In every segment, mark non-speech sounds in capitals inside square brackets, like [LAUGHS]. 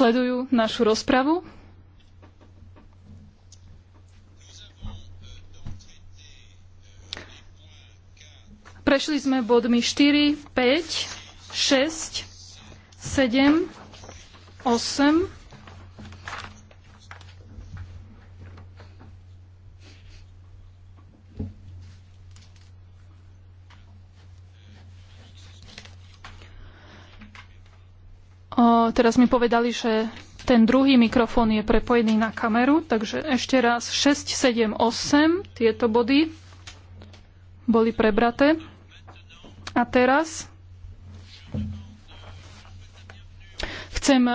sledujú našu rozpravu. Prešli sme bodmi 4, 5, 6, 7, 8, Teraz mi povedali, že ten druhý mikrofón je prepojený na kameru, takže ešte raz 6, 7, 8 tieto body boli prebraté. A teraz chcem e,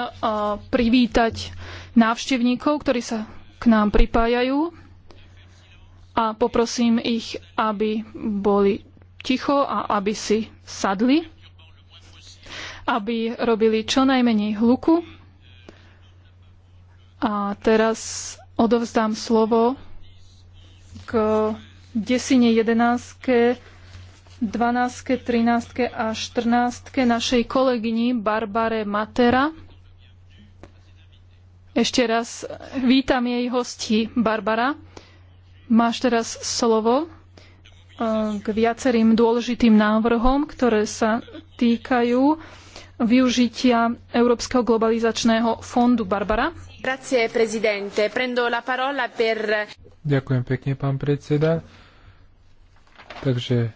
privítať návštevníkov, ktorí sa k nám pripájajú a poprosím ich, aby boli ticho a aby si sadli aby robili čo najmenej hluku. A teraz odovzdám slovo k desine 11, 12, 13 a 14 našej kolegyni Barbare Matera. Ešte raz vítam jej hosti Barbara, máš teraz slovo e, k viacerým dôležitým návrhom, ktoré sa týkajú využitia Európskeho globalizačného fondu. Barbara? Grazie, prezidente. Prendo la parola per... Ďakujem pekne, pán predseda. Takže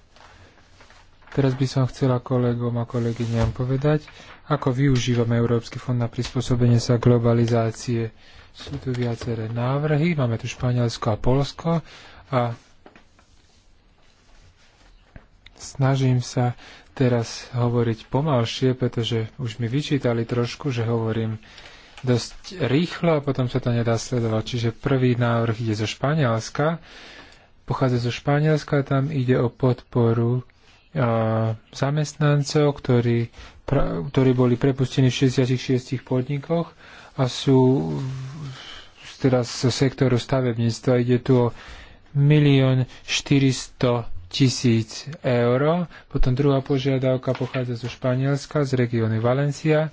teraz by som chcela kolegom a kolegyňam povedať, ako využívame Európsky fond na prispôsobenie sa globalizácie. Sú tu viaceré návrhy, máme tu Španielsko a Polsko a snažím sa teraz hovoriť pomalšie, pretože už mi vyčítali trošku, že hovorím dosť rýchlo a potom sa to nedá sledovať. Čiže prvý návrh ide zo Španielska, pochádza zo Španielska, a tam ide o podporu a, zamestnancov, ktorí, pra, ktorí boli prepustení v 66 podnikoch a sú teraz zo sektoru stavebníctva. Ide tu o 1 400 tisíc eur. Potom druhá požiadavka pochádza zo Španielska, z regióny Valencia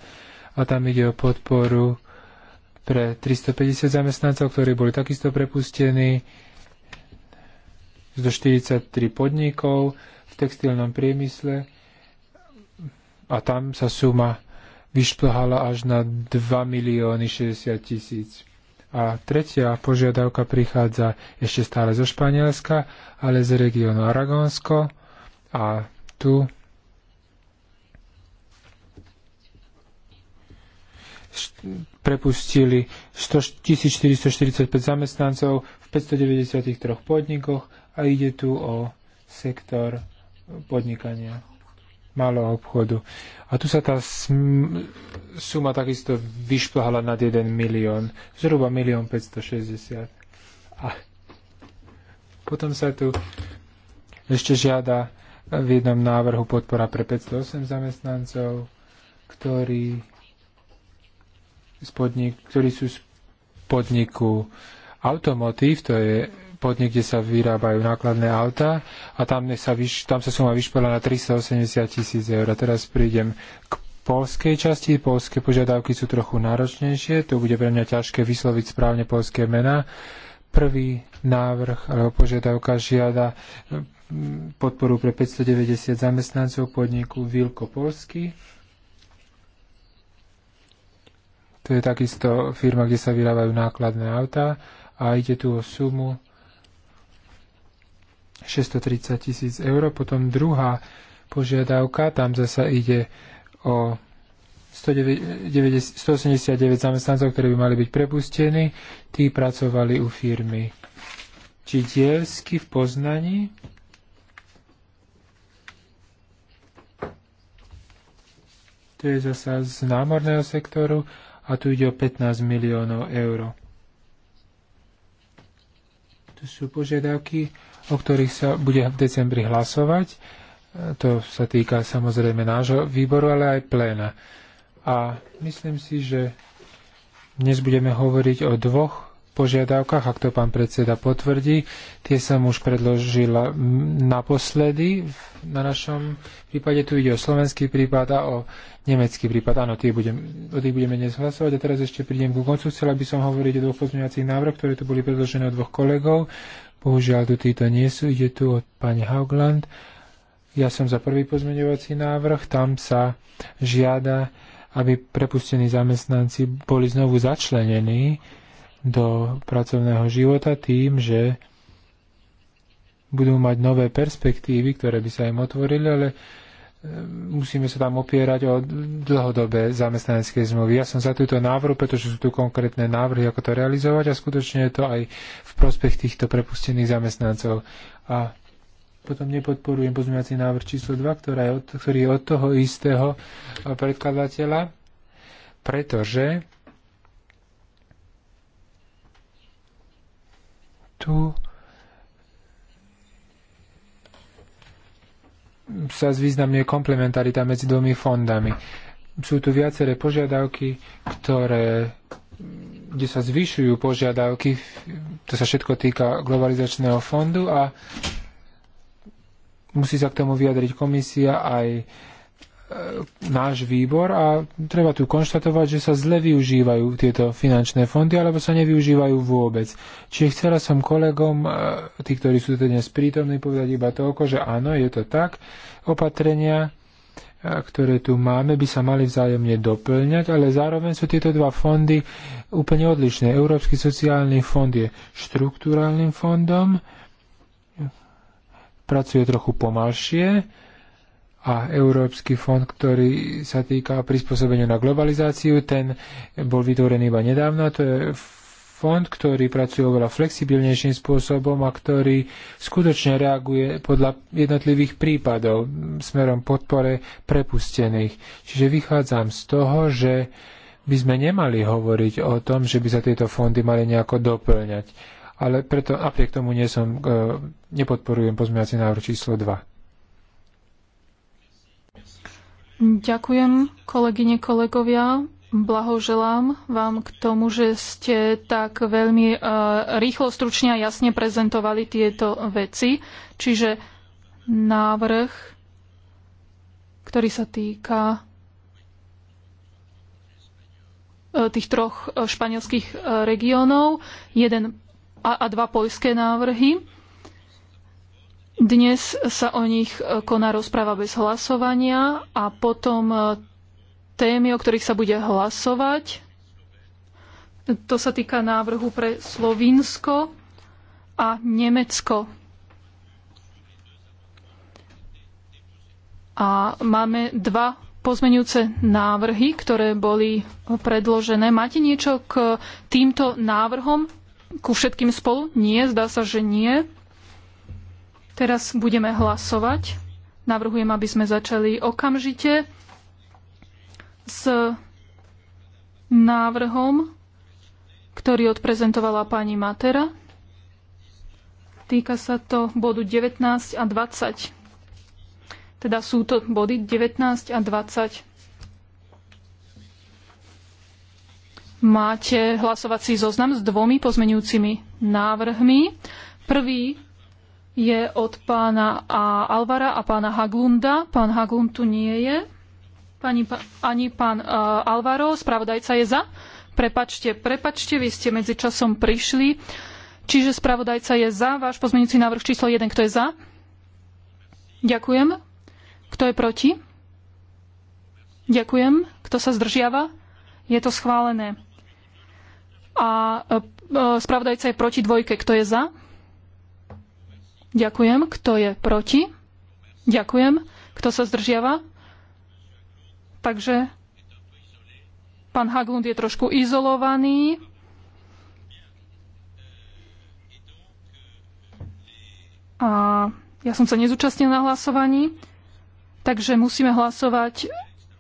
a tam ide o podporu pre 350 zamestnancov, ktorí boli takisto prepustení zo 43 podnikov v textilnom priemysle a tam sa suma vyšplhala až na 2 milióny 60 tisíc. A tretia požiadavka prichádza ešte stále zo Španielska, ale z regiónu Aragonsko. A tu prepustili 1445 zamestnancov v 593 podnikoch a ide tu o sektor podnikania malého obchodu. A tu sa tá suma takisto vyšplhala nad 1 milión, zhruba 1 560. A potom sa tu ešte žiada v jednom návrhu podpora pre 508 zamestnancov, ktorí, spodnik, ktorí sú z podniku Automotív, to je podnik, kde sa vyrábajú nákladné auta a tam, sa, vyš, tam sa suma vyšpela na 380 tisíc eur. A teraz prídem k polskej časti. Polské požiadavky sú trochu náročnejšie. Tu bude pre mňa ťažké vysloviť správne polské mená. Prvý návrh alebo požiadavka žiada mm, podporu pre 590 zamestnancov podniku Vilko Polsky. To je takisto firma, kde sa vyrábajú nákladné autá a ide tu o sumu 630 tisíc eur. Potom druhá požiadavka, tam zasa ide o 189 zamestnancov, ktorí by mali byť prepustení. Tí pracovali u firmy Čidielsky v Poznaní. To je zasa z námorného sektoru a tu ide o 15 miliónov eur sú požiadavky, o ktorých sa bude v decembri hlasovať. E, to sa týka samozrejme nášho výboru, ale aj pléna. A myslím si, že dnes budeme hovoriť o dvoch požiadavkách, ak to pán predseda potvrdí. Tie som už predložila naposledy na našom prípade. Tu ide o slovenský prípad a o nemecký prípad. Áno, tie budem, o tých budeme dnes hlasovať. A teraz ešte prídem ku koncu. Chcela by som hovoriť o dvoch pozmeňovacích návrh, ktoré tu boli predložené od dvoch kolegov. Bohužiaľ, tu títo nie sú. Ide tu od pani Haugland. Ja som za prvý pozmeňovací návrh. Tam sa žiada aby prepustení zamestnanci boli znovu začlenení do pracovného života tým, že budú mať nové perspektívy, ktoré by sa im otvorili, ale e, musíme sa tam opierať o dlhodobé zamestnanecké zmluvy. Ja som za túto návrhu, pretože sú tu konkrétne návrhy, ako to realizovať a skutočne je to aj v prospech týchto prepustených zamestnancov. A potom nepodporujem pozmeňovací návrh číslo 2, ktorá je od, ktorý je od toho istého predkladateľa, pretože tu sa zvýznamňuje komplementarita medzi dvomi fondami. Sú tu viaceré požiadavky, ktoré, kde sa zvyšujú požiadavky, to sa všetko týka globalizačného fondu a musí sa k tomu vyjadriť komisia aj náš e, výbor a treba tu konštatovať, že sa zle využívajú tieto finančné fondy alebo sa nevyužívajú vôbec. Čiže chcela som kolegom, e, tí, ktorí sú tu dnes prítomní, povedať iba toľko, že áno, je to tak. Opatrenia, e, ktoré tu máme, by sa mali vzájomne doplňať, ale zároveň sú tieto dva fondy úplne odlišné. Európsky sociálny fond je štruktúrálnym fondom, pracuje trochu pomalšie, a Európsky fond, ktorý sa týka prispôsobenia na globalizáciu, ten bol vytvorený iba nedávno. To je fond, ktorý pracuje oveľa flexibilnejším spôsobom a ktorý skutočne reaguje podľa jednotlivých prípadov smerom podpore prepustených. Čiže vychádzam z toho, že by sme nemali hovoriť o tom, že by sa tieto fondy mali nejako doplňať. Ale preto napriek tomu nie som, e, nepodporujem pozmeňací návrh číslo 2. Ďakujem, kolegyne, kolegovia. Blahoželám vám k tomu, že ste tak veľmi e, rýchlo, stručne a jasne prezentovali tieto veci. Čiže návrh, ktorý sa týka e, tých troch španielských e, regiónov, jeden a, a dva poľské návrhy dnes sa o nich e, koná rozpráva bez hlasovania a potom e, témy, o ktorých sa bude hlasovať. To sa týka návrhu pre Slovinsko a Nemecko. A máme dva pozmenujúce návrhy, ktoré boli predložené. Máte niečo k týmto návrhom? Ku všetkým spolu? Nie, zdá sa, že nie. Teraz budeme hlasovať. Navrhujem, aby sme začali okamžite s návrhom, ktorý odprezentovala pani Matera. Týka sa to bodu 19 a 20. Teda sú to body 19 a 20. Máte hlasovací zoznam s dvomi pozmenujúcimi návrhmi. Prvý je od pána a Alvara a pána Haglunda. Pán Haglund tu nie je. Pani, ani pán uh, Alvaro, spravodajca je za. Prepačte, prepačte, vy ste medzi časom prišli. Čiže spravodajca je za. Váš pozmeňujúci návrh číslo 1, kto je za? Ďakujem. Kto je proti? Ďakujem. Kto sa zdržiava? Je to schválené. A uh, spravodajca je proti dvojke. Kto je za? Ďakujem. Kto je proti? Ďakujem. Kto sa zdržiava? Takže pán Haglund je trošku izolovaný. A ja som sa nezúčastnil na hlasovaní, takže musíme hlasovať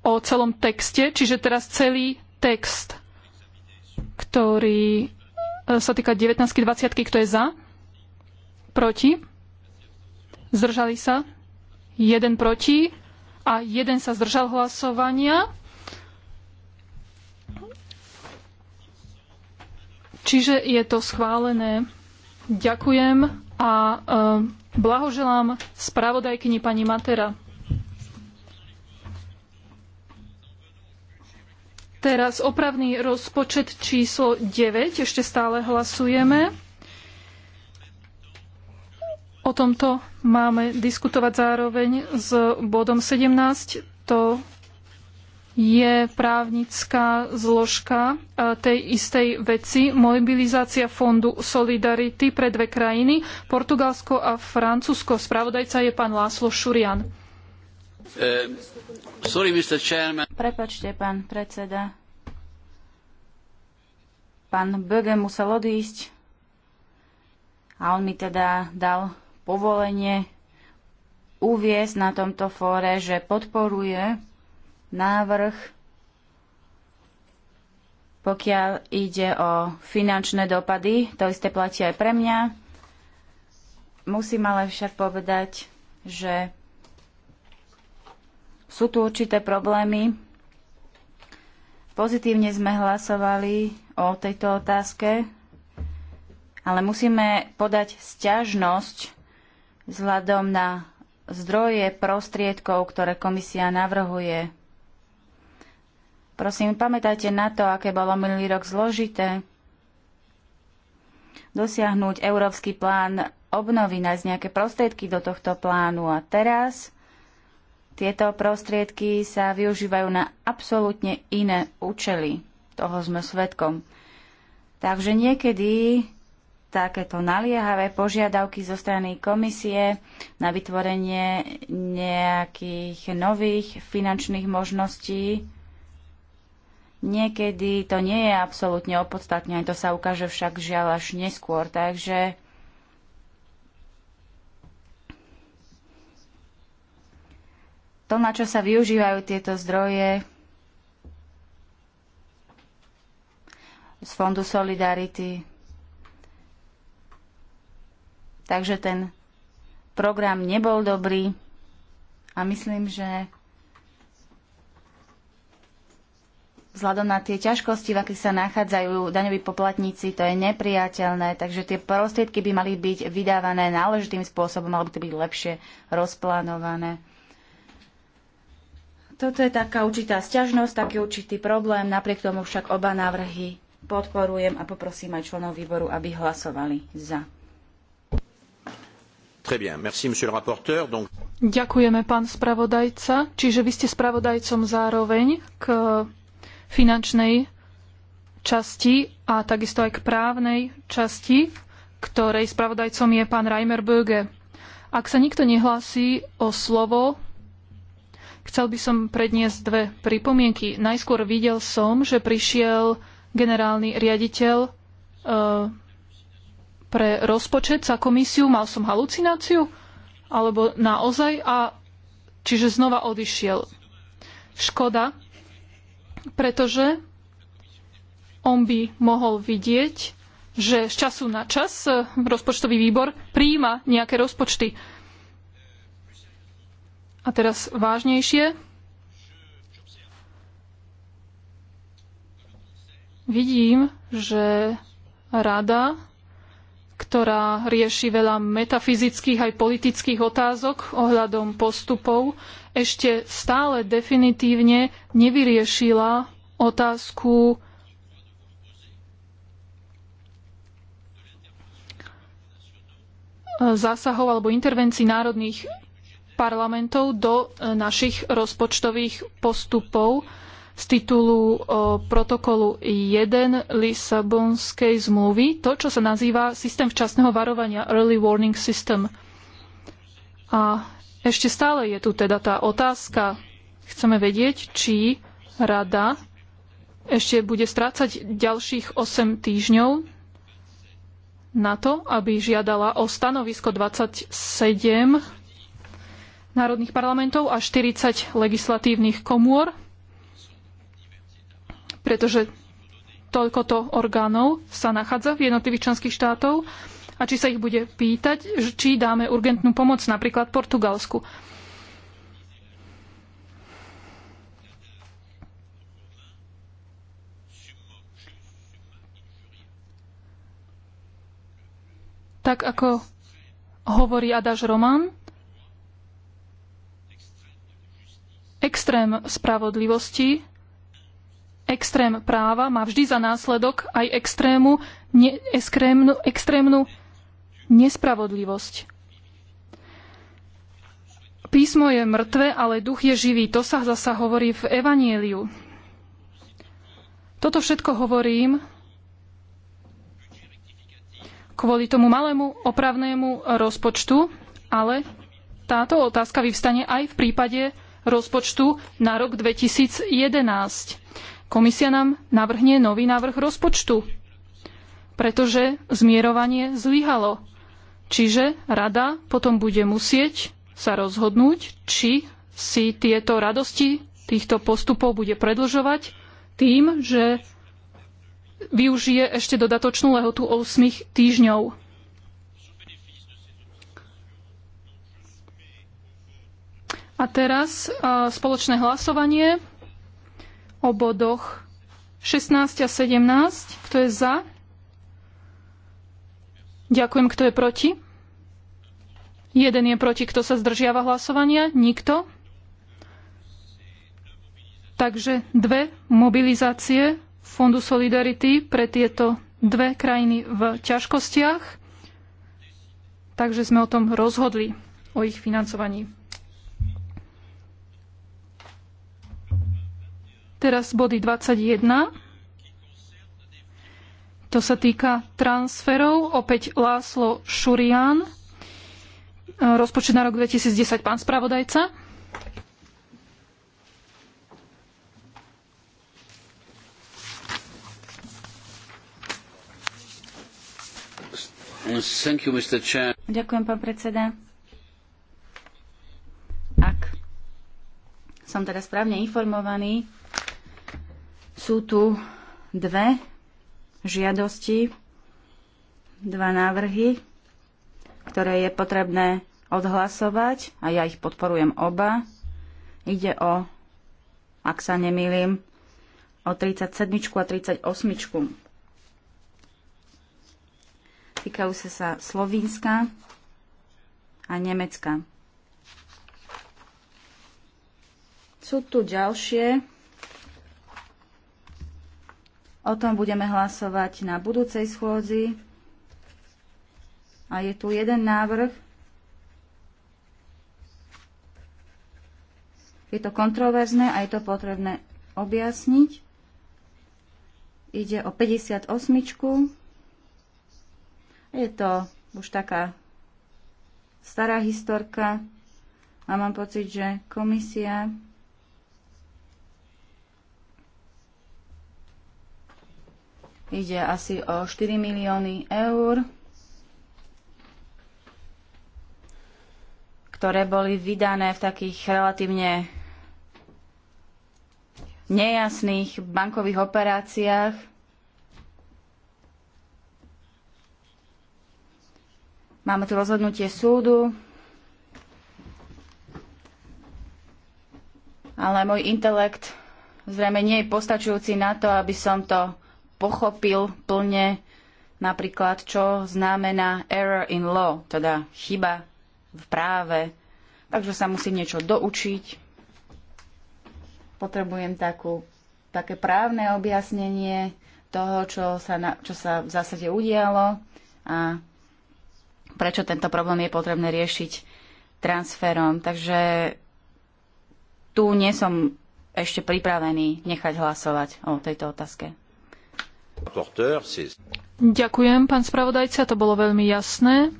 o celom texte, čiže teraz celý text, ktorý e, sa týka 19 20 kto je za, proti, zdržali sa, jeden proti a jeden sa zdržal hlasovania. Čiže je to schválené. Ďakujem a e, blahoželám spravodajkyni pani Matera. Teraz opravný rozpočet číslo 9, ešte stále hlasujeme. O tomto máme diskutovať zároveň s bodom 17. To je právnická zložka e, tej istej veci, mobilizácia fondu Solidarity pre dve krajiny, Portugalsko a Francúzsko. Spravodajca je pán Láslo Šurian. E, sorry, Prepačte, pán predseda. Pán Böge musel odísť a on mi teda dal povolenie uviesť na tomto fóre, že podporuje návrh, pokiaľ ide o finančné dopady. To isté platí aj pre mňa. Musím ale však povedať, že sú tu určité problémy. Pozitívne sme hlasovali o tejto otázke, ale musíme podať sťažnosť vzhľadom na zdroje prostriedkov, ktoré komisia navrhuje. Prosím, pamätajte na to, aké bolo minulý rok zložité dosiahnuť európsky plán obnovy, nájsť nejaké prostriedky do tohto plánu. A teraz tieto prostriedky sa využívajú na absolútne iné účely. Toho sme svetkom. Takže niekedy takéto naliehavé požiadavky zo strany komisie na vytvorenie nejakých nových finančných možností. Niekedy to nie je absolútne opodstatné, to sa ukáže však žiaľ až neskôr, takže to, na čo sa využívajú tieto zdroje, z Fondu Solidarity Takže ten program nebol dobrý a myslím, že vzhľadom na tie ťažkosti, v akých sa nachádzajú daňoví poplatníci, to je nepriateľné, takže tie prostriedky by mali byť vydávané náležitým spôsobom, alebo to byť lepšie rozplánované. Toto je taká určitá sťažnosť, taký určitý problém, napriek tomu však oba návrhy podporujem a poprosím aj členov výboru, aby hlasovali za. Ďakujeme, pán spravodajca. Čiže vy ste spravodajcom zároveň k finančnej časti a takisto aj k právnej časti, ktorej spravodajcom je pán Reimer Böge. Ak sa nikto nehlási o slovo, chcel by som predniesť dve pripomienky. Najskôr videl som, že prišiel generálny riaditeľ e, pre rozpočet za komisiu? Mal som halucináciu? Alebo naozaj? A čiže znova odišiel. Škoda, pretože on by mohol vidieť, že z času na čas rozpočtový výbor prijíma nejaké rozpočty. A teraz vážnejšie. Vidím, že rada ktorá rieši veľa metafyzických aj politických otázok ohľadom postupov, ešte stále definitívne nevyriešila otázku zásahov alebo intervencií národných parlamentov do našich rozpočtových postupov z titulu protokolu 1 Lisabonskej zmluvy, to, čo sa nazýva systém včasného varovania, Early Warning System. A ešte stále je tu teda tá otázka, chceme vedieť, či rada ešte bude strácať ďalších 8 týždňov na to, aby žiadala o stanovisko 27 národných parlamentov a 40 legislatívnych komôr pretože toľkoto orgánov sa nachádza v jednotlivých členských štátov a či sa ich bude pýtať, či dáme urgentnú pomoc napríklad Portugalsku. Tak ako hovorí Adáš Román, extrém spravodlivosti extrém práva má vždy za následok aj extrému, ne, extrémnu, extrémnu nespravodlivosť. Písmo je mŕtve, ale duch je živý. To sa zasa hovorí v Evanieliu. Toto všetko hovorím kvôli tomu malému opravnému rozpočtu, ale táto otázka vyvstane aj v prípade rozpočtu na rok 2011 komisia nám navrhne nový návrh rozpočtu, pretože zmierovanie zlyhalo. Čiže rada potom bude musieť sa rozhodnúť, či si tieto radosti týchto postupov bude predlžovať tým, že využije ešte dodatočnú lehotu 8 týždňov. A teraz spoločné hlasovanie o bodoch 16 a 17. Kto je za? Ďakujem. Kto je proti? Jeden je proti. Kto sa zdržiava hlasovania? Nikto. Takže dve mobilizácie Fondu Solidarity pre tieto dve krajiny v ťažkostiach. Takže sme o tom rozhodli, o ich financovaní. Teraz body 21. To sa týka transferov. Opäť Láslo Šurian. Rozpočet na rok 2010. Pán spravodajca. You, Ďakujem, pán predseda. Ak som teda správne informovaný, sú tu dve žiadosti, dva návrhy, ktoré je potrebné odhlasovať a ja ich podporujem oba. Ide o, ak sa nemýlim, o 37 a 38. Týkajú sa sa Slovinska a Nemecka. Sú tu ďalšie O tom budeme hlasovať na budúcej schôdzi. A je tu jeden návrh. Je to kontroverzné a je to potrebné objasniť. Ide o 58. Je to už taká stará historka a mám pocit, že komisia Ide asi o 4 milióny eur, ktoré boli vydané v takých relatívne nejasných bankových operáciách. Máme tu rozhodnutie súdu, ale môj intelekt zrejme nie je postačujúci na to, aby som to pochopil plne napríklad, čo znamená error in law, teda chyba v práve. Takže sa musím niečo doučiť. Potrebujem takú, také právne objasnenie toho, čo sa, na, čo sa v zásade udialo a prečo tento problém je potrebné riešiť transferom. Takže tu nie som ešte pripravený nechať hlasovať o tejto otázke. Ďakujem, pán spravodajca, to bolo veľmi jasné.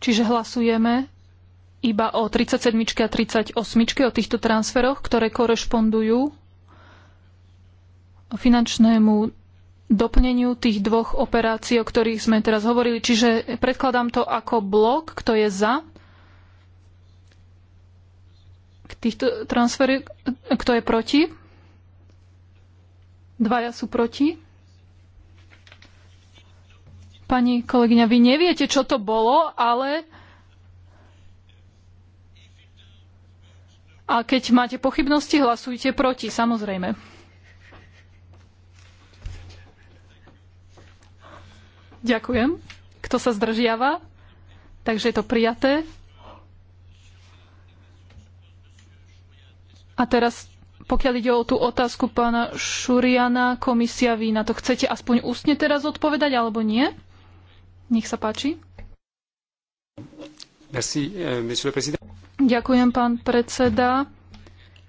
Čiže hlasujeme iba o 37 a 38 o týchto transferoch, ktoré korešpondujú finančnému doplneniu tých dvoch operácií, o ktorých sme teraz hovorili. Čiže predkladám to ako blok, kto je za k týchto transfery, kto je proti. Dvaja sú proti. Pani kolegyňa, vy neviete, čo to bolo, ale... A keď máte pochybnosti, hlasujte proti, samozrejme. Ďakujem. Kto sa zdržiava? Takže je to prijaté. A teraz pokiaľ ide o tú otázku pána Šuriana, komisia, vy na to chcete aspoň ústne teraz odpovedať, alebo nie? Nech sa páči. Merci, eh, Ďakujem, pán predseda.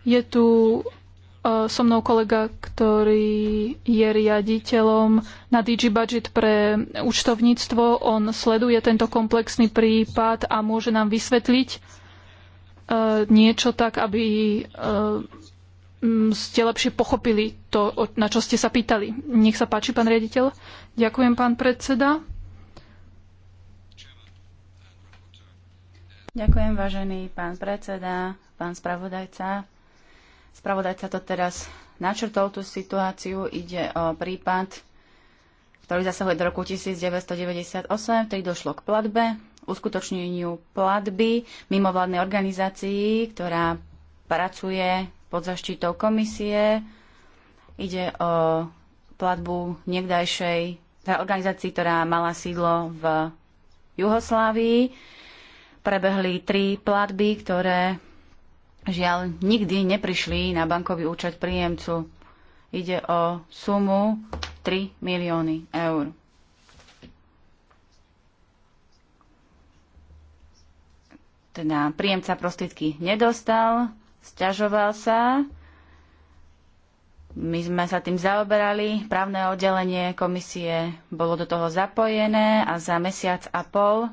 Je tu eh, so mnou kolega, ktorý je riaditeľom na DigiBudget Budget pre účtovníctvo. On sleduje tento komplexný prípad a môže nám vysvetliť eh, niečo tak, aby Mm, ste lepšie pochopili to, na čo ste sa pýtali. Nech sa páči, pán riaditeľ. Ďakujem, pán predseda. Ďakujem, vážený pán predseda, pán spravodajca. Spravodajca to teraz načrtol tú situáciu. Ide o prípad, ktorý zasahuje do roku 1998, vtedy došlo k platbe, uskutočneniu platby mimovládnej organizácii, ktorá pracuje pod zaštitou komisie. Ide o platbu niekdajšej organizácii, ktorá mala sídlo v Juhoslávii. Prebehli tri platby, ktoré žiaľ nikdy neprišli na bankový účet príjemcu. Ide o sumu 3 milióny eur. Teda príjemca prostriedky nedostal, Sťažoval sa. My sme sa tým zaoberali, právne oddelenie komisie bolo do toho zapojené a za mesiac a pol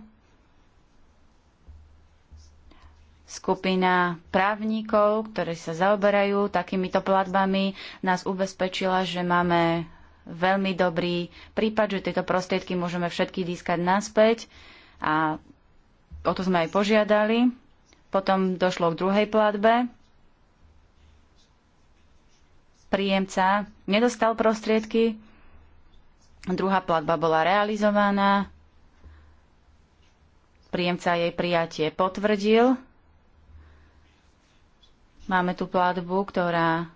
skupina právnikov, ktorí sa zaoberajú takýmito platbami, nás ubezpečila, že máme veľmi dobrý prípad, že tieto prostriedky môžeme všetky získať naspäť a o to sme aj požiadali. Potom došlo k druhej platbe príjemca nedostal prostriedky, druhá platba bola realizovaná, príjemca jej prijatie potvrdil. Máme tu platbu, ktorá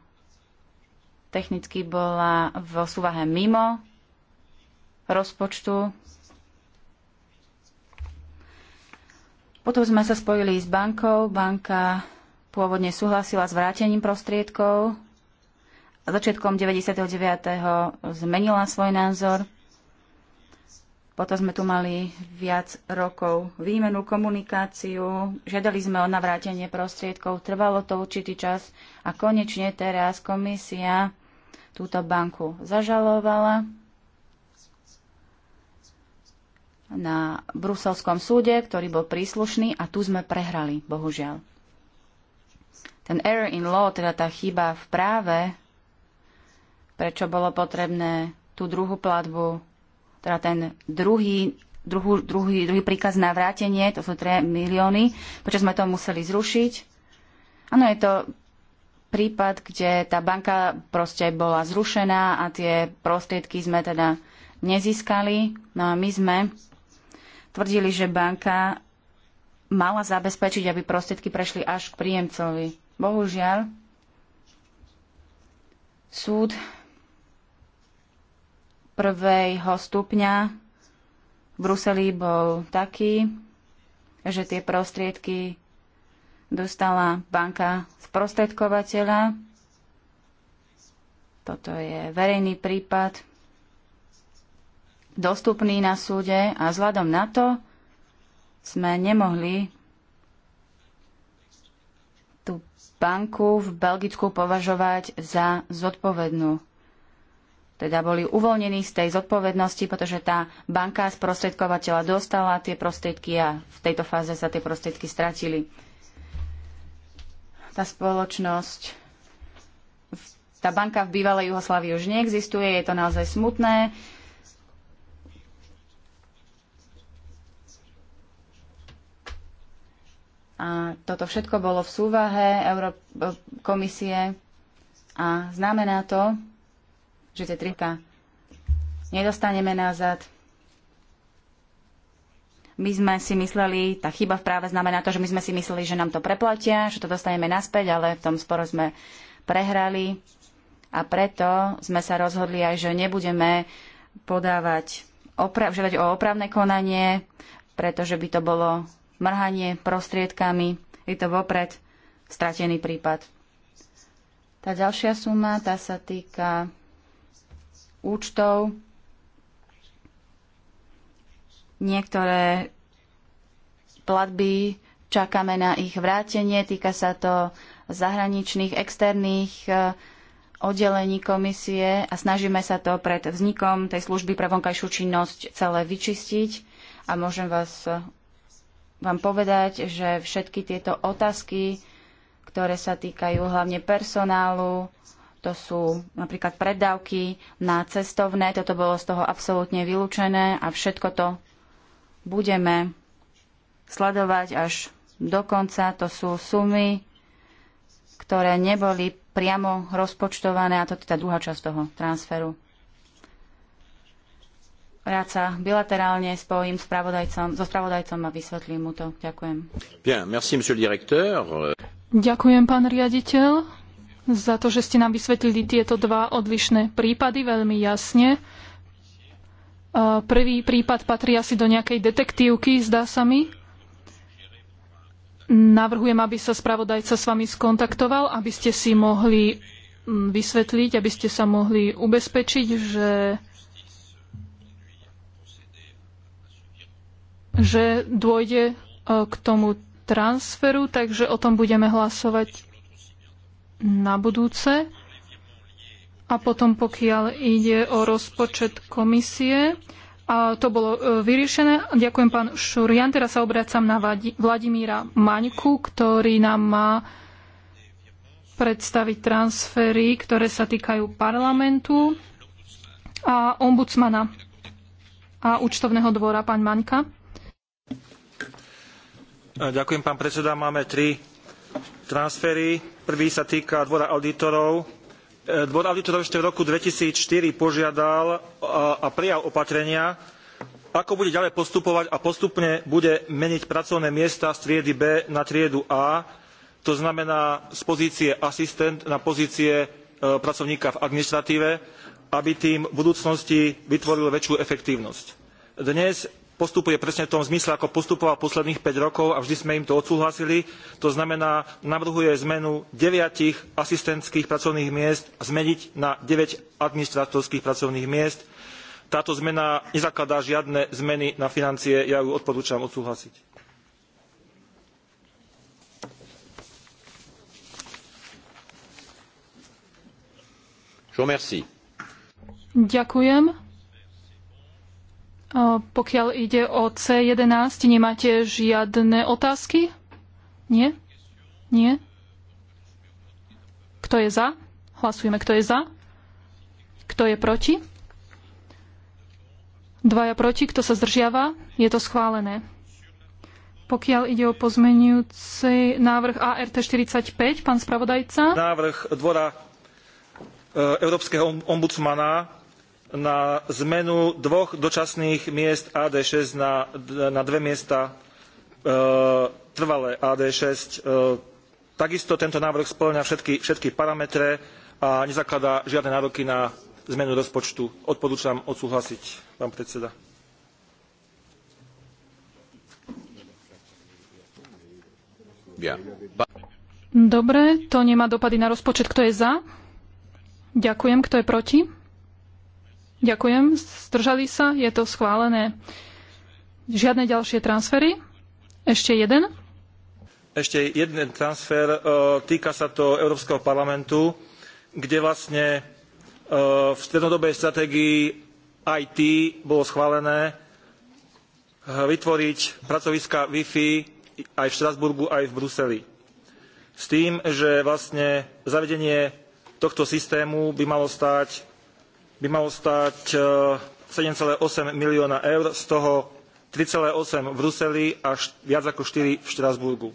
technicky bola v súvahe mimo rozpočtu. Potom sme sa spojili s bankou. Banka pôvodne súhlasila s vrátením prostriedkov začiatkom 99. zmenila svoj názor. Potom sme tu mali viac rokov výmenu, komunikáciu, žiadali sme o navrátenie prostriedkov, trvalo to určitý čas a konečne teraz komisia túto banku zažalovala na bruselskom súde, ktorý bol príslušný a tu sme prehrali, bohužiaľ. Ten error in law, teda tá chyba v práve, prečo bolo potrebné tú druhú platbu, teda ten druhý, druhú, druhý, druhý príkaz na vrátenie, to sú 3 milióny, prečo sme to museli zrušiť. Áno, je to prípad, kde tá banka proste bola zrušená a tie prostriedky sme teda nezískali. No a my sme tvrdili, že banka mala zabezpečiť, aby prostriedky prešli až k príjemcovi. Bohužiaľ, súd prvého stupňa v Bruseli bol taký, že tie prostriedky dostala banka sprostredkovateľa. Toto je verejný prípad, dostupný na súde a vzhľadom na to sme nemohli tú banku v Belgicku považovať za zodpovednú teda boli uvoľnení z tej zodpovednosti, pretože tá banka sprostredkovateľa dostala tie prostriedky a v tejto fáze sa tie prostriedky stratili. Tá spoločnosť, tá banka v bývalej Juhoslávii už neexistuje, je to naozaj smutné. A toto všetko bolo v súvahe Euró- komisie a znamená to, že tie tripa nedostaneme nazad. My sme si mysleli, tá chyba v práve znamená to, že my sme si mysleli, že nám to preplatia, že to dostaneme naspäť, ale v tom sporo sme prehrali a preto sme sa rozhodli aj, že nebudeme podávať, opra- žiadať o opravné konanie, pretože by to bolo mrhanie prostriedkami. Je to vopred stratený prípad. Tá ďalšia suma, tá sa týka účtov. Niektoré platby čakáme na ich vrátenie. Týka sa to zahraničných, externých e, oddelení komisie a snažíme sa to pred vznikom tej služby pre vonkajšiu činnosť celé vyčistiť. A môžem vás, e, vám povedať, že všetky tieto otázky, ktoré sa týkajú hlavne personálu, to sú napríklad predávky na cestovné, toto bolo z toho absolútne vylúčené a všetko to budeme sledovať až do konca. To sú sumy, ktoré neboli priamo rozpočtované a to je tá druhá časť toho transferu. Rád sa bilaterálne spojím spravodajcom, so spravodajcom a vysvetlím mu to. Ďakujem. Bien, merci, Ďakujem, pán riaditeľ za to, že ste nám vysvetlili tieto dva odlišné prípady veľmi jasne. Prvý prípad patrí asi do nejakej detektívky, zdá sa mi. Navrhujem, aby sa spravodajca s vami skontaktoval, aby ste si mohli mm, vysvetliť, aby ste sa mohli ubezpečiť, že že dôjde e, k tomu transferu, takže o tom budeme hlasovať na budúce. A potom, pokiaľ ide o rozpočet komisie, a to bolo e, vyriešené. Ďakujem, pán Šurian. Teraz sa obracam na Vladimíra Maňku, ktorý nám má predstaviť transfery, ktoré sa týkajú parlamentu a ombudsmana a účtovného dvora. Pán Maňka. Ďakujem, pán predseda. Máme tri transfery. Prvý sa týka dvora auditorov. E, dvor auditorov ešte v roku 2004 požiadal a prijal opatrenia, ako bude ďalej postupovať a postupne bude meniť pracovné miesta z triedy B na triedu A, to znamená z pozície asistent na pozície e, pracovníka v administratíve, aby tým v budúcnosti vytvoril väčšiu efektívnosť. Dnes postupuje presne v tom zmysle, ako postupoval posledných 5 rokov a vždy sme im to odsúhlasili. To znamená, navrhuje zmenu deviatich asistentských pracovných miest zmeniť na 9 administratorských pracovných miest. Táto zmena nezakladá žiadne zmeny na financie, ja ju odporúčam odsúhlasiť. Ďakujem. Pokiaľ ide o C11, nemáte žiadne otázky? Nie? Nie? Kto je za? Hlasujeme, kto je za? Kto je proti? Dvaja proti, kto sa zdržiava? Je to schválené. Pokiaľ ide o pozmenujúci návrh ART 45, pán spravodajca. Návrh dvora e, Európskeho ombudsmana na zmenu dvoch dočasných miest AD6 na, na dve miesta e, trvalé AD6. E, takisto tento návrh spĺňa všetky, všetky parametre a nezakladá žiadne nároky na zmenu rozpočtu. Odporúčam odsúhlasiť, pán predseda. Dobre, to nemá dopady na rozpočet. Kto je za? Ďakujem. Kto je proti? Ďakujem. Zdržali sa? Je to schválené. Žiadne ďalšie transfery? Ešte jeden? Ešte jeden transfer. E, týka sa to Európskeho parlamentu, kde vlastne e, v strednodobej stratégii IT bolo schválené e, vytvoriť pracoviska Wi-Fi aj v Štrasburgu, aj v Bruseli. S tým, že vlastne zavedenie tohto systému by malo stáť by malo stáť 7,8 e, milióna eur, z toho 3,8 v Bruseli a viac ako 4 v Štrasburgu.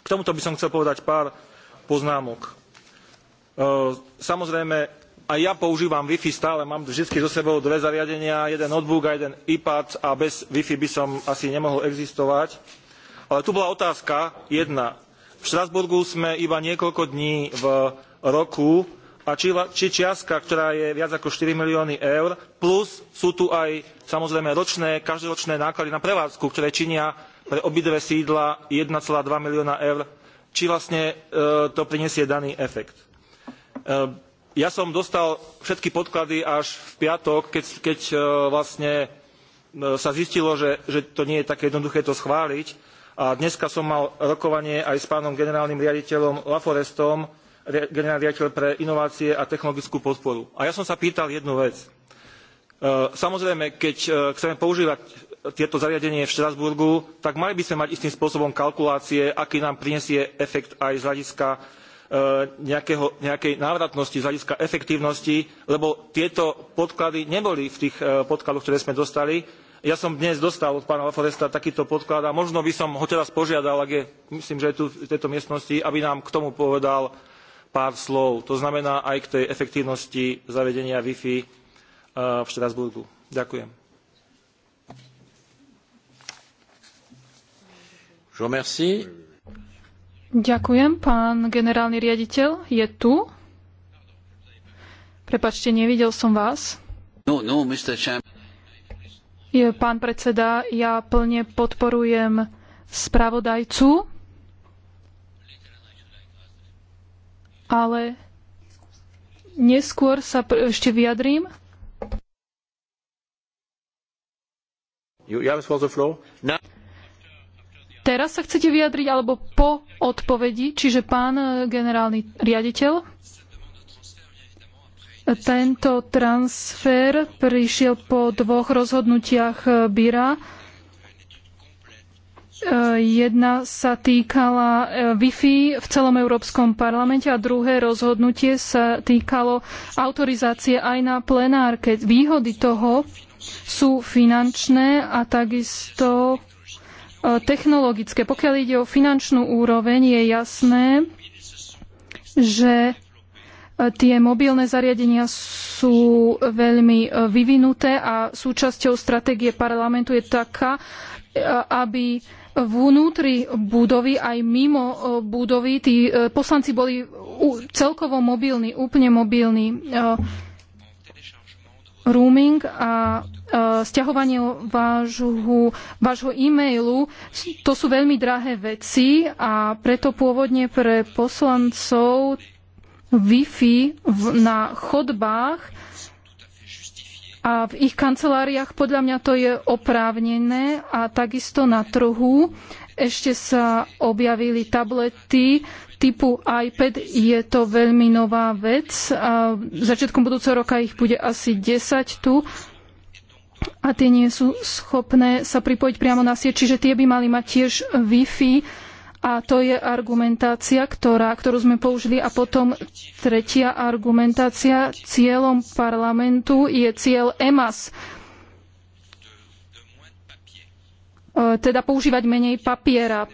K tomuto by som chcel povedať pár poznámok. E, samozrejme, aj ja používam Wi-Fi stále, mám vždy so sebou dve zariadenia, jeden notebook a jeden iPad a bez Wi-Fi by som asi nemohol existovať. Ale tu bola otázka jedna. V Štrasburgu sme iba niekoľko dní v roku a či čiastka, ktorá je viac ako 4 milióny eur, plus sú tu aj samozrejme ročné, každoročné náklady na prevádzku, ktoré činia pre obidve sídla 1,2 milióna eur, či vlastne e, to prinesie daný efekt. E, ja som dostal všetky podklady až v piatok, keď, keď e, vlastne sa zistilo, že, že to nie je také jednoduché to schváliť. A dneska som mal rokovanie aj s pánom generálnym riaditeľom Laforestom, generálny riaditeľ pre inovácie a technologickú podporu. A ja som sa pýtal jednu vec. E, samozrejme, keď e, chceme používať tieto zariadenie v Štrasburgu, tak mali by sme mať istým spôsobom kalkulácie, aký nám prinesie efekt aj z hľadiska e, Nejakého, nejakej návratnosti z hľadiska efektívnosti, lebo tieto podklady neboli v tých podkladoch, ktoré sme dostali. Ja som dnes dostal od pána Laforesta takýto podklad a možno by som ho teraz požiadal, ak je, myslím, že je tu v tejto miestnosti, aby nám k tomu povedal, pár slov. To znamená aj k tej efektívnosti zavedenia Wi-Fi eh, v Štrasburgu. Ďakujem. Ďakujem, pán generálny riaditeľ. Je tu? Prepačte, nevidel som vás. No, no, Je, pán predseda, ja plne podporujem spravodajcu ale neskôr sa ešte vyjadrím. Teraz sa chcete vyjadriť alebo po odpovedi, čiže pán e, generálny riaditeľ? Tento transfer prišiel po dvoch rozhodnutiach e, Byra Eh, jedna sa týkala eh, Wi-Fi v celom Európskom parlamente a druhé rozhodnutie sa týkalo autorizácie aj na plenárke. Výhody toho sú finančné a takisto eh, technologické. Pokiaľ ide o finančnú úroveň, je jasné, že tie mobilné zariadenia sú veľmi vyvinuté a súčasťou stratégie parlamentu je taká, aby vnútri budovy aj mimo e, budovy. Tí e, poslanci boli celkovo mobilní, úplne mobilní. E, rooming a stiahovanie vášho, vášho e-mailu, to sú veľmi drahé veci a preto pôvodne pre poslancov Wi-Fi na chodbách a v ich kanceláriách podľa mňa to je oprávnené a takisto na trhu ešte sa objavili tablety typu iPad. Je to veľmi nová vec. A začiatkom budúceho roka ich bude asi 10 tu a tie nie sú schopné sa pripojiť priamo na sieť, čiže tie by mali mať tiež Wi-Fi a to je argumentácia, ktorá, ktorú sme použili. A potom tretia argumentácia. Cieľom parlamentu je cieľ EMAS. E, teda používať menej papiera.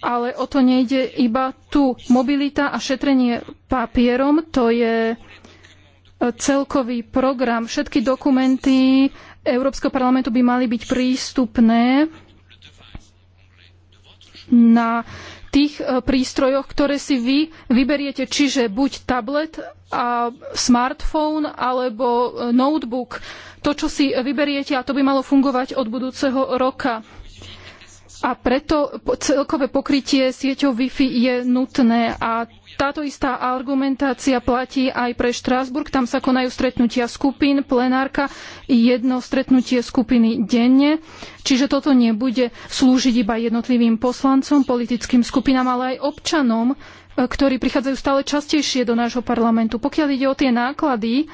Ale o to nejde iba tu. Mobilita a šetrenie papierom, to je e, celkový program. Všetky dokumenty Európskeho parlamentu by mali byť prístupné na tých e, prístrojoch, ktoré si vy vyberiete, čiže buď tablet a smartfón alebo e, notebook. To, čo si vyberiete, a to by malo fungovať od budúceho roka. A preto celkové pokrytie sieťou Wi-Fi je nutné a táto istá argumentácia platí aj pre Štrásburg. Tam sa konajú stretnutia skupín, plenárka, jedno stretnutie skupiny denne. Čiže toto nebude slúžiť iba jednotlivým poslancom, politickým skupinám, ale aj občanom, e, ktorí prichádzajú stále častejšie do nášho parlamentu. Pokiaľ ide o tie náklady,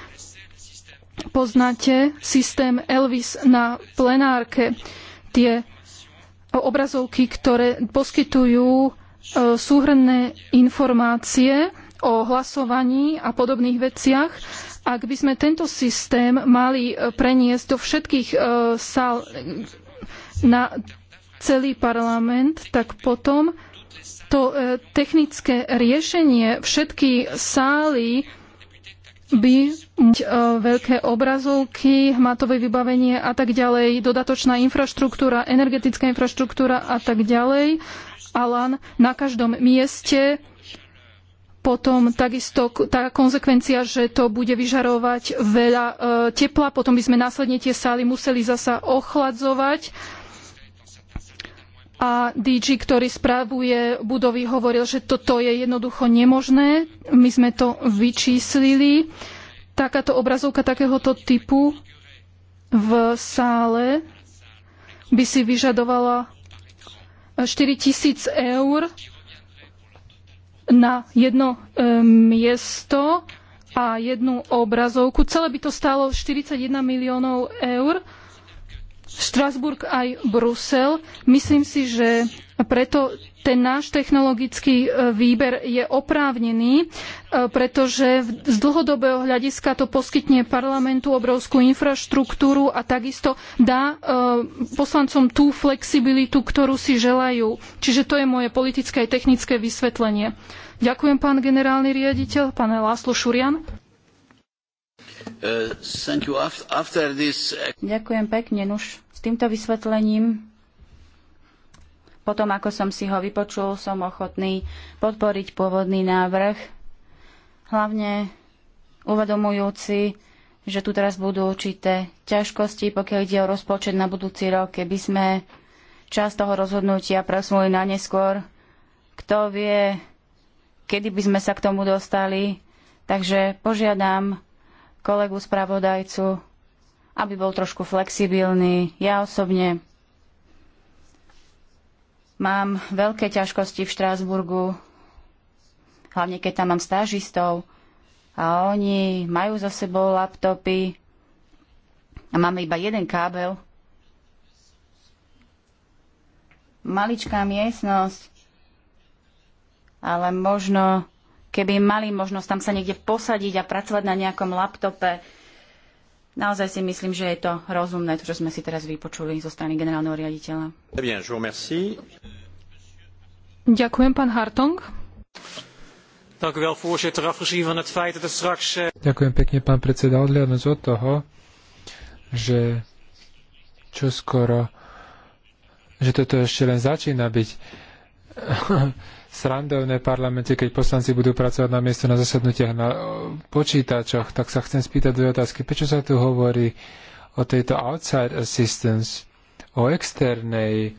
poznáte systém Elvis na plenárke. Tie obrazovky, ktoré poskytujú E, súhrné informácie o hlasovaní a podobných veciach. Ak by sme tento systém mali e, preniesť do všetkých e, sál na celý parlament, tak potom to technické riešenie všetky sály by mať veľké obrazovky, hmatové vybavenie a tak ďalej, dodatočná infraštruktúra, energetická infraštruktúra a tak ďalej. Alan na každom mieste. Potom takisto tá konzekvencia, že to bude vyžarovať veľa e, tepla, potom by sme následne tie sály museli zasa ochladzovať. A DG, ktorý správuje budovy, hovoril, že toto je jednoducho nemožné. My sme to vyčíslili. Takáto obrazovka takéhoto typu v sále by si vyžadovala tisíc eur na jedno e, miesto a jednu obrazovku. Celé by to stálo 41 miliónov eur. Štrasburg aj Brusel. Myslím si, že preto ten náš technologický e, výber je oprávnený, e, pretože z dlhodobého hľadiska to poskytne parlamentu obrovskú infraštruktúru a takisto dá e, poslancom tú flexibilitu, ktorú si želajú. Čiže to je moje politické a technické vysvetlenie. Ďakujem, pán generálny riaditeľ, pán Láslo Šurian. Uh, this... Uh, Ďakujem pekne. Nuž, s týmto vysvetlením potom, ako som si ho vypočul, som ochotný podporiť pôvodný návrh, hlavne uvedomujúci, že tu teraz budú určité ťažkosti, pokiaľ ide o rozpočet na budúci rok, keby sme čas toho rozhodnutia presunuli na neskôr. Kto vie, kedy by sme sa k tomu dostali. Takže požiadam kolegu spravodajcu, aby bol trošku flexibilný. Ja osobne Mám veľké ťažkosti v Štrásburgu, hlavne keď tam mám stážistov a oni majú za sebou laptopy a máme iba jeden kábel. Maličká miestnosť, ale možno, keby mali možnosť tam sa niekde posadiť a pracovať na nejakom laptope, Naozaj si myslím, že je to rozumné, to, čo sme si teraz vypočuli zo strany generálneho riaditeľa. Eh Ďakujem, pán Hartong. Er eh, Ďakujem pekne, pán predseda. Odliadnúť od toho, že čo skoro, že toto ešte len začína byť [LAUGHS] srandovné parlamente, keď poslanci budú pracovať na miesto na zasadnutiach na počítačoch, tak sa chcem spýtať dve otázky. Prečo sa tu hovorí o tejto outside assistance, o externej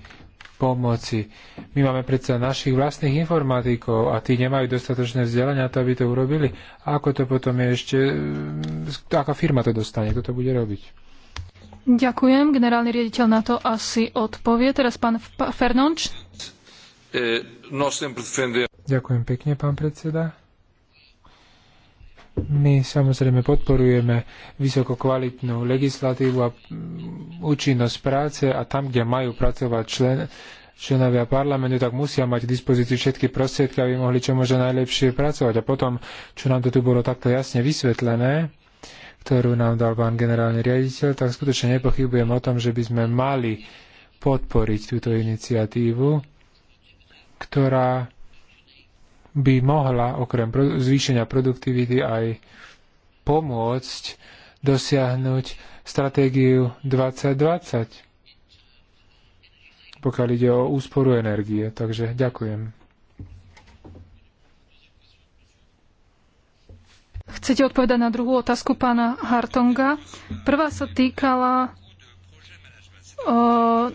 pomoci? My máme predsa našich vlastných informatikov a tí nemajú dostatočné vzdelania to, aby to urobili. A ako to potom je ešte, mm, aká firma to dostane, kto to bude robiť? Ďakujem. Generálny riaditeľ na to asi odpovie. Teraz pán Fernonč. Eh, Ďakujem pekne, pán predseda. My samozrejme podporujeme vysokokvalitnú legislatívu a mm, účinnosť práce a tam, kde majú pracovať člen, členovia parlamentu, tak musia mať k dispozícii všetky prostriedky, aby mohli čo možno najlepšie pracovať. A potom, čo nám to tu bolo takto jasne vysvetlené, ktorú nám dal pán generálny riaditeľ, tak skutočne nepochybujem o tom, že by sme mali podporiť túto iniciatívu ktorá by mohla okrem zvýšenia produktivity aj pomôcť dosiahnuť stratégiu 2020, pokiaľ ide o úsporu energie. Takže ďakujem. Chcete odpovedať na druhú otázku pána Hartonga? Prvá sa týkala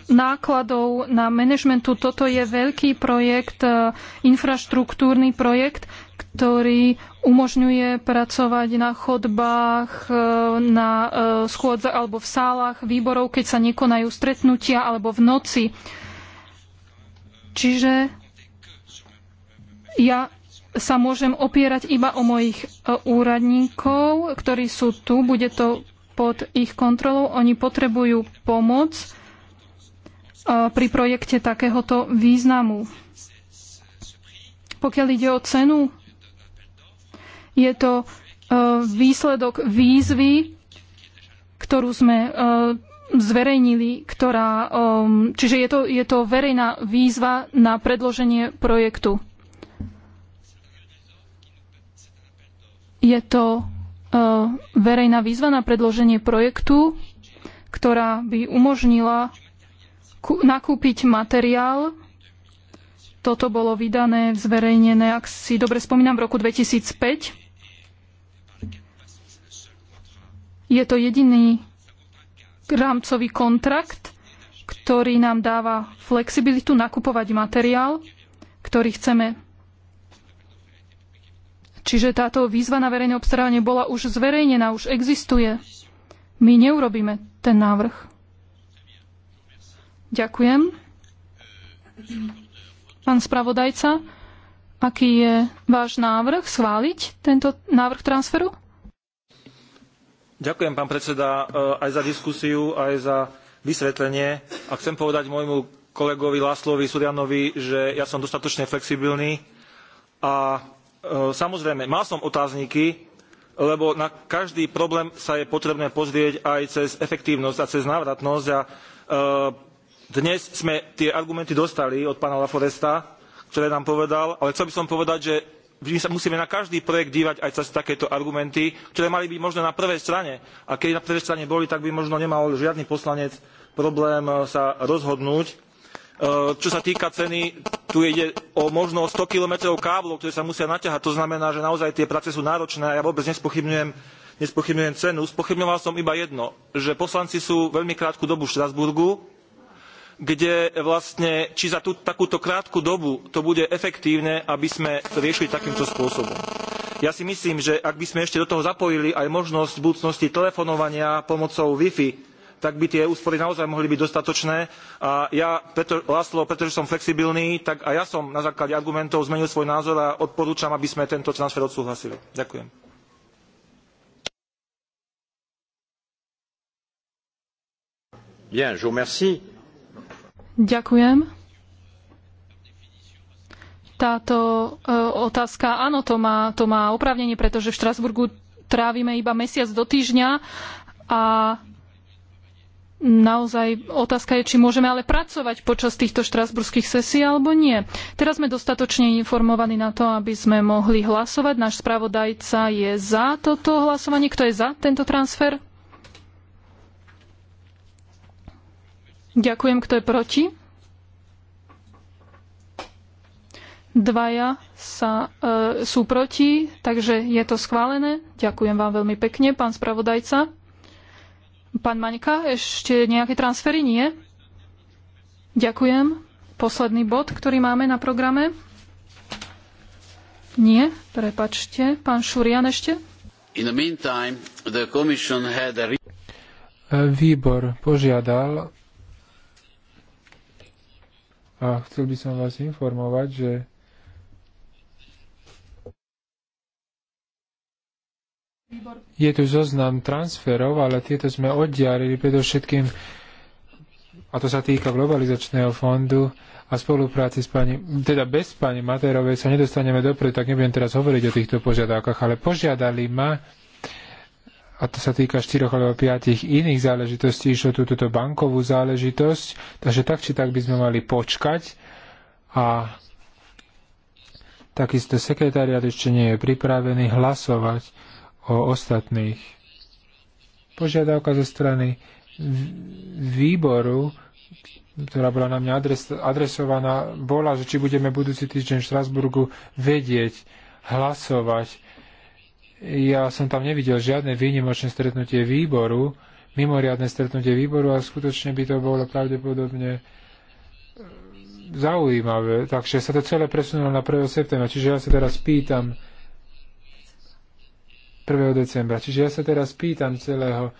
nákladov na manažmentu. Toto je veľký projekt, e, infraštruktúrny projekt, ktorý umožňuje pracovať na chodbách, e, na e, schôdze alebo v sálach výborov, keď sa nekonajú stretnutia alebo v noci. Čiže ja sa môžem opierať iba o mojich úradníkov, ktorí sú tu. Bude to pod ich kontrolou. Oni potrebujú pomoc e, pri projekte takéhoto významu. Pokiaľ ide o cenu, je to e, výsledok výzvy, ktorú sme e, zverejnili, ktorá, čiže je to, je to verejná výzva na predloženie projektu. Je to E, verejná výzva na predloženie projektu, ktorá by umožnila nakúpiť materiál. Toto bolo vydané, zverejnené, ak si dobre spomínam, v roku 2005. Je to jediný rámcový kontrakt, ktorý nám dáva flexibilitu nakupovať materiál, ktorý chceme Čiže táto výzva na verejné obstarávanie bola už zverejnená, už existuje. My neurobíme ten návrh. Ďakujem. Pán spravodajca, aký je váš návrh schváliť tento návrh transferu? Ďakujem, pán predseda, eh, aj za diskusiu, aj za vysvetlenie. A chcem povedať môjmu kolegovi Láslovi Surianovi, že ja som dostatočne flexibilný a E, samozrejme, mal som otázniky, lebo na každý problém sa je potrebné pozrieť aj cez efektívnosť a cez návratnosť. A e, dnes sme tie argumenty dostali od pána Laforesta, ktoré nám povedal, ale chcel by som povedať, že my sa musíme na každý projekt dívať aj cez takéto argumenty, ktoré mali byť možno na prvej strane. A keď na prvej strane boli, tak by možno nemal žiadny poslanec problém e, sa rozhodnúť. Čo sa týka ceny, tu ide o možno 100 kilometrov káblov, ktoré sa musia naťahať. To znamená, že naozaj tie práce sú náročné a ja vôbec nespochybňujem, nespochybňujem cenu. Spochybňoval som iba jedno, že poslanci sú veľmi krátku dobu v Štrasburgu, kde vlastne, či za tú, takúto krátku dobu to bude efektívne, aby sme riešili takýmto spôsobom. Ja si myslím, že ak by sme ešte do toho zapojili aj možnosť v budúcnosti telefonovania pomocou Wi-Fi, tak by tie úspory naozaj mohli byť dostatočné. A ja, preto, Laslo, pretože som flexibilný, tak aj ja som na základe argumentov zmenil svoj názor a odporúčam, aby sme tento transfer odsúhlasili. Ďakujem. Bien, je vous remercie. Ďakujem. Táto e, otázka, áno, to má, to má oprávnenie, pretože v Štrasburgu trávime iba mesiac do týždňa a naozaj otázka je, či môžeme ale pracovať počas týchto štrasburských sesí alebo nie. Teraz sme dostatočne informovaní na to, aby sme mohli hlasovať. Náš spravodajca je za toto hlasovanie. Kto je za tento transfer? Ďakujem. Kto je proti? Dvaja sa, e, sú proti, takže je to schválené. Ďakujem vám veľmi pekne, pán spravodajca. Pán Maňka, ešte nejaké transfery? Nie? Ďakujem. Posledný bod, ktorý máme na programe. Nie, prepačte. Pán Šurian ešte? In the meantime, the commission had a... Výbor požiadal a chcel by som vás informovať, že Je tu zoznam transferov, ale tieto sme oddiarili predovšetkým, a to sa týka globalizačného fondu, a spolupráci s pani, teda bez pani Materovej sa nedostaneme dopredu, tak nebudem teraz hovoriť o týchto požiadavkách, ale požiadali ma, a to sa týka štyroch alebo piatich iných záležitostí, išlo tú, túto bankovú záležitosť, takže tak či tak by sme mali počkať a takisto sekretariat ešte nie je pripravený hlasovať o ostatných. Požiadavka zo strany výboru, ktorá bola na mňa adres, adresovaná, bola, že či budeme budúci týždeň v Štrasburgu vedieť, hlasovať. Ja som tam nevidel žiadne výnimočné stretnutie výboru, mimoriadne stretnutie výboru a skutočne by to bolo pravdepodobne e, zaujímavé. Takže sa to celé presunulo na 1. septembra. Čiže ja sa teraz pýtam, 1. decembra. Čiže ja sa teraz pýtam celého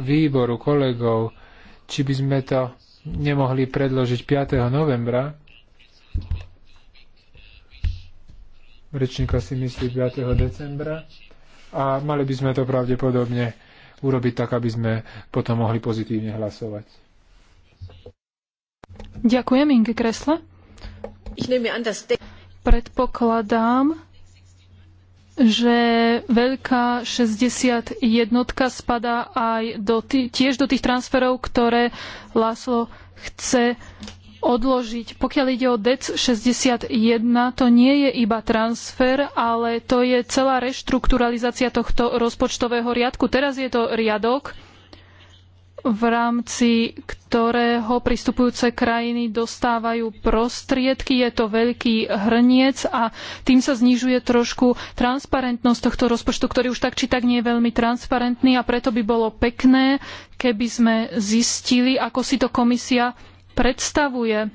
výboru kolegov, či by sme to nemohli predložiť 5. novembra. Rečníka si myslí 5. decembra. A mali by sme to pravdepodobne urobiť tak, aby sme potom mohli pozitívne hlasovať. Ďakujem, Inge Kresle. Predpokladám, že veľká 61 jednotka spadá aj do tý, tiež do tých transferov, ktoré Laslo chce odložiť. Pokiaľ ide o e DEC 61, to nie je iba transfer, ale to je celá reštrukturalizácia tohto rozpočtového riadku. Teraz je to riadok, v rámci ktorého pristupujúce krajiny dostávajú prostriedky. Je to veľký hrniec a tým sa znižuje trošku transparentnosť tohto rozpočtu, ktorý už tak či tak nie je veľmi transparentný a preto by bolo pekné, keby sme zistili, ako si to komisia predstavuje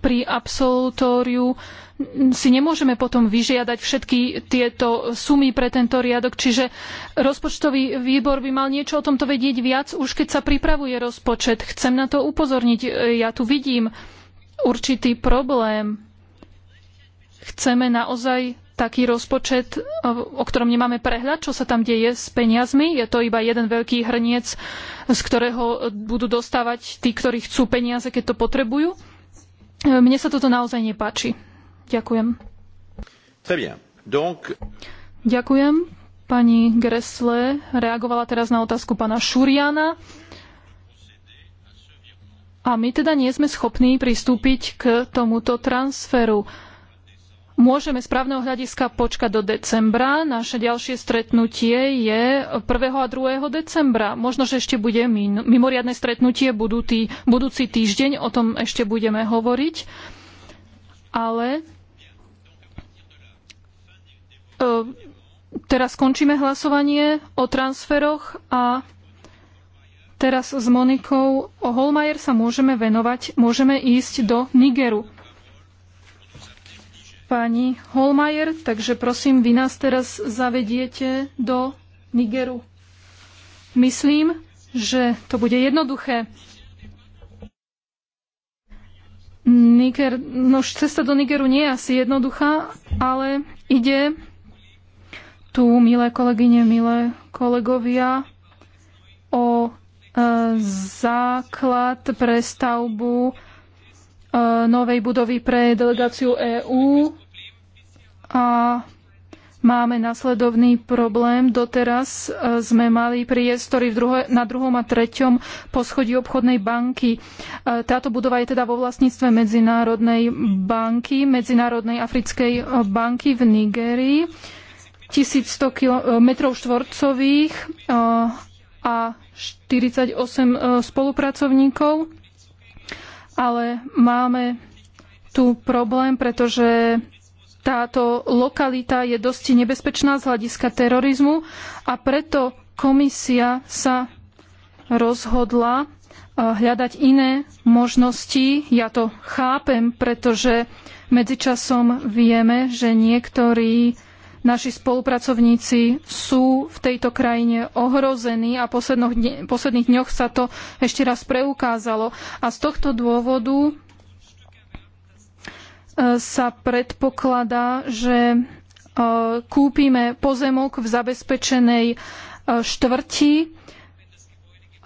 pri absolutóriu si nemôžeme potom vyžiadať všetky tieto sumy pre tento riadok, čiže rozpočtový výbor by mal niečo o tomto vedieť viac, už keď sa pripravuje rozpočet. Chcem na to upozorniť. Ja tu vidím určitý problém. Chceme naozaj taký rozpočet, o ktorom nemáme prehľad, čo sa tam deje s peniazmi. Je to iba jeden veľký hrniec, z ktorého budú dostávať tí, ktorí chcú peniaze, keď to potrebujú. Eh, mne sa toto naozaj nepáči. Ďakujem. Très bien. Donc... Ďakujem. Pani Gresle reagovala teraz na otázku pána Šuriana. A my teda nie sme schopní pristúpiť k tomuto transferu. Môžeme z právneho hľadiska počkať do decembra. Naše ďalšie stretnutie je 1. a 2. decembra. Možno, že ešte bude mimoriadne stretnutie budúci, budúci týždeň, o tom ešte budeme hovoriť. Ale e, teraz skončíme hlasovanie o transferoch a teraz s Monikou Holmajer sa môžeme venovať, môžeme ísť do Nigeru pani Holmajer, takže prosím, vy nás teraz zavediete do Nigeru. Myslím, že to bude jednoduché. Niger, no cesta do Nigeru nie je asi jednoduchá, ale ide tu, milé kolegyne, milé kolegovia, o e, základ pre stavbu e, novej budovy pre delegáciu EÚ a máme nasledovný problém. Doteraz e, sme mali priestory druhé, na druhom a treťom poschodí obchodnej banky. E, táto budova je teda vo vlastníctve Medzinárodnej banky, Medzinárodnej africkej e, banky v Nigérii. 1100 metrov štvorcových a 48 spolupracovníkov, ale máme tu problém, pretože táto lokalita je dosť nebezpečná z hľadiska terorizmu a preto komisia sa rozhodla eh, hľadať iné možnosti. Ja to chápem, pretože medzičasom vieme, že niektorí naši spolupracovníci sú v tejto krajine ohrození a v posledných dňoch sa to ešte raz preukázalo. A z tohto dôvodu E, sa predpokladá, že e, kúpime pozemok v zabezpečenej e, štvrti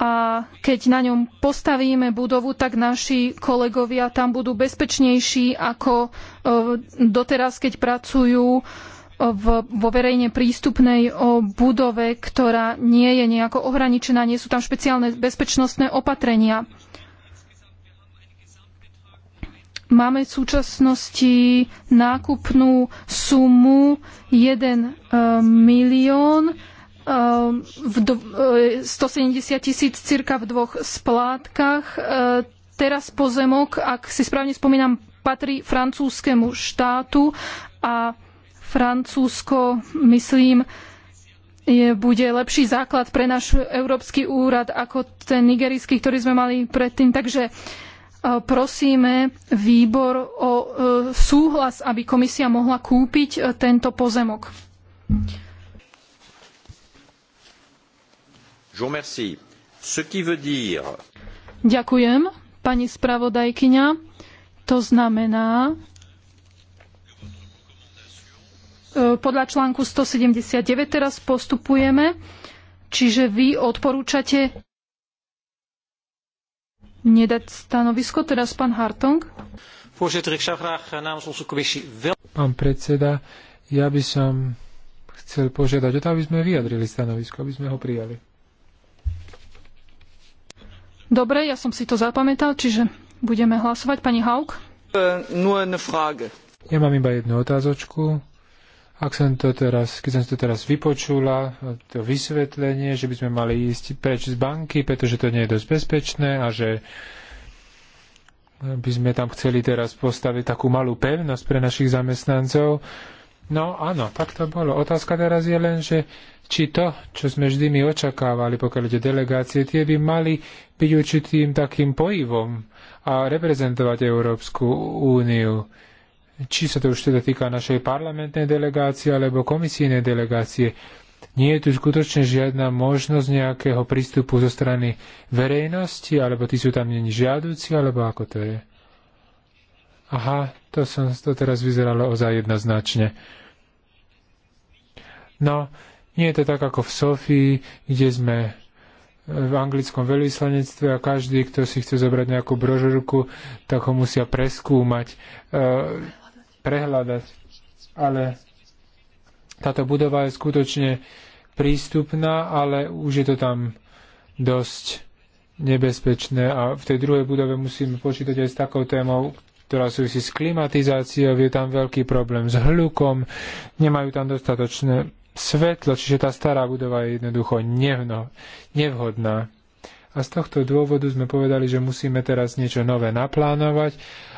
a keď na ňom postavíme budovu, tak naši kolegovia tam budú bezpečnejší ako doteraz, keď pracujú vo verejne prístupnej budove, ktorá nie je nejako ohraničená, nie sú tam špeciálne bezpečnostné opatrenia. Máme v súčasnosti nákupnú sumu 1 e, milión 170 e, e, tisíc cirka v dvoch splátkach. Teraz pozemok, ak si správne spomínam, patrí francúzskému štátu a Francúzsko, myslím, je, bude lepší základ pre náš Európsky úrad ako ten nigerijský, ktorý sme mali predtým. Takže uh, E, prosíme výbor o e, súhlas, aby komisia mohla kúpiť e, tento pozemok. Ďakujem, pani spravodajkyňa. To znamená, podľa článku 179 teraz postupujeme, čiže vy odporúčate nedať stanovisko, teraz pán Hartong. Eh, pán predseda, ja by som chcel požiadať o to, aby sme vyjadrili stanovisko, aby sme ho prijali. Dobre, ja som si to zapamätal, čiže budeme hlasovať. Pani Haug? Eh, ja mám iba jednu otázočku ak som to teraz, keď som to teraz vypočula, to vysvetlenie, že by sme mali ísť preč z banky, pretože to nie je dosť bezpečné a že by sme tam chceli teraz postaviť takú malú pevnosť pre našich zamestnancov. No áno, tak to bolo. Otázka teraz je len, že či to, čo sme vždy my očakávali, pokiaľ ide delegácie, tie by mali byť určitým takým pojivom a reprezentovať Európsku úniu či sa to už teda týka našej parlamentnej delegácie alebo komisijnej delegácie, nie je tu skutočne žiadna možnosť nejakého prístupu zo strany verejnosti, alebo tí sú tam není žiadúci, alebo ako to je? Aha, to, som, to teraz vyzeralo ozaj jednoznačne. No, nie je to tak ako v Sofii, kde sme v anglickom veľvyslanectve a každý, kto si chce zobrať nejakú brožurku, tak ho musia preskúmať. E, prehľadať, ale táto budova je skutočne prístupná, ale už je to tam dosť nebezpečné a v tej druhej budove musíme počítať aj s takou témou, ktorá súvisí s klimatizáciou, je tam veľký problém s hľukom, nemajú tam dostatočné svetlo, čiže tá stará budova je jednoducho nevno, nevhodná. A z tohto dôvodu sme povedali, že musíme teraz niečo nové naplánovať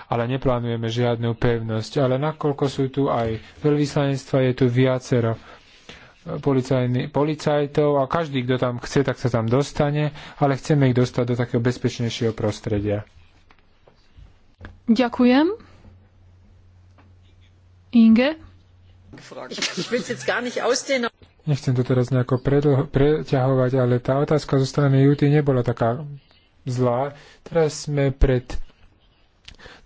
ale neplánujeme žiadnu pevnosť. Ale nakoľko sú tu aj veľvyslanectva, je tu viacero eh, policajtov a každý, kto tam chce, tak sa tam dostane, ale chceme ich dostať do takého bezpečnejšieho prostredia. Ďakujem. Inge? Nechcem to teraz nejako preťahovať, ale tá otázka zo strany Juty nebola taká zlá. Teraz sme pred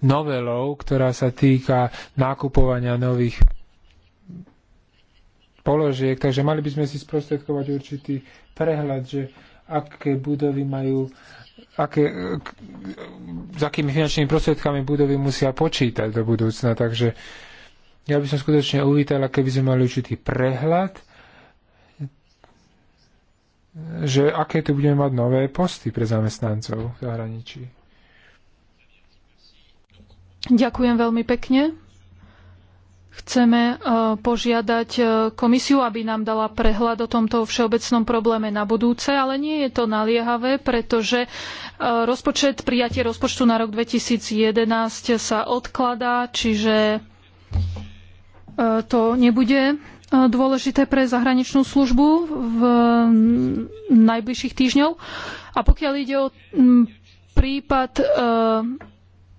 novelou, ktorá sa týka nákupovania nových položiek, takže mali by sme si sprostredkovať určitý prehľad, že aké budovy majú, aké, s akými finančnými prostriedkami budovy musia počítať do budúcna. Takže ja by som skutočne uvítala, keby sme mali určitý prehľad, že aké tu budeme mať nové posty pre zamestnancov v zahraničí. Ďakujem veľmi pekne. Chceme e, požiadať e, komisiu, aby nám dala prehľad o tomto všeobecnom probléme na budúce, ale nie je to naliehavé, pretože e, rozpočet, prijatie rozpočtu na rok 2011 sa odkladá, čiže to nebude dôležité pre zahraničnú službu v najbližších týždňoch. A pokiaľ ide o prípad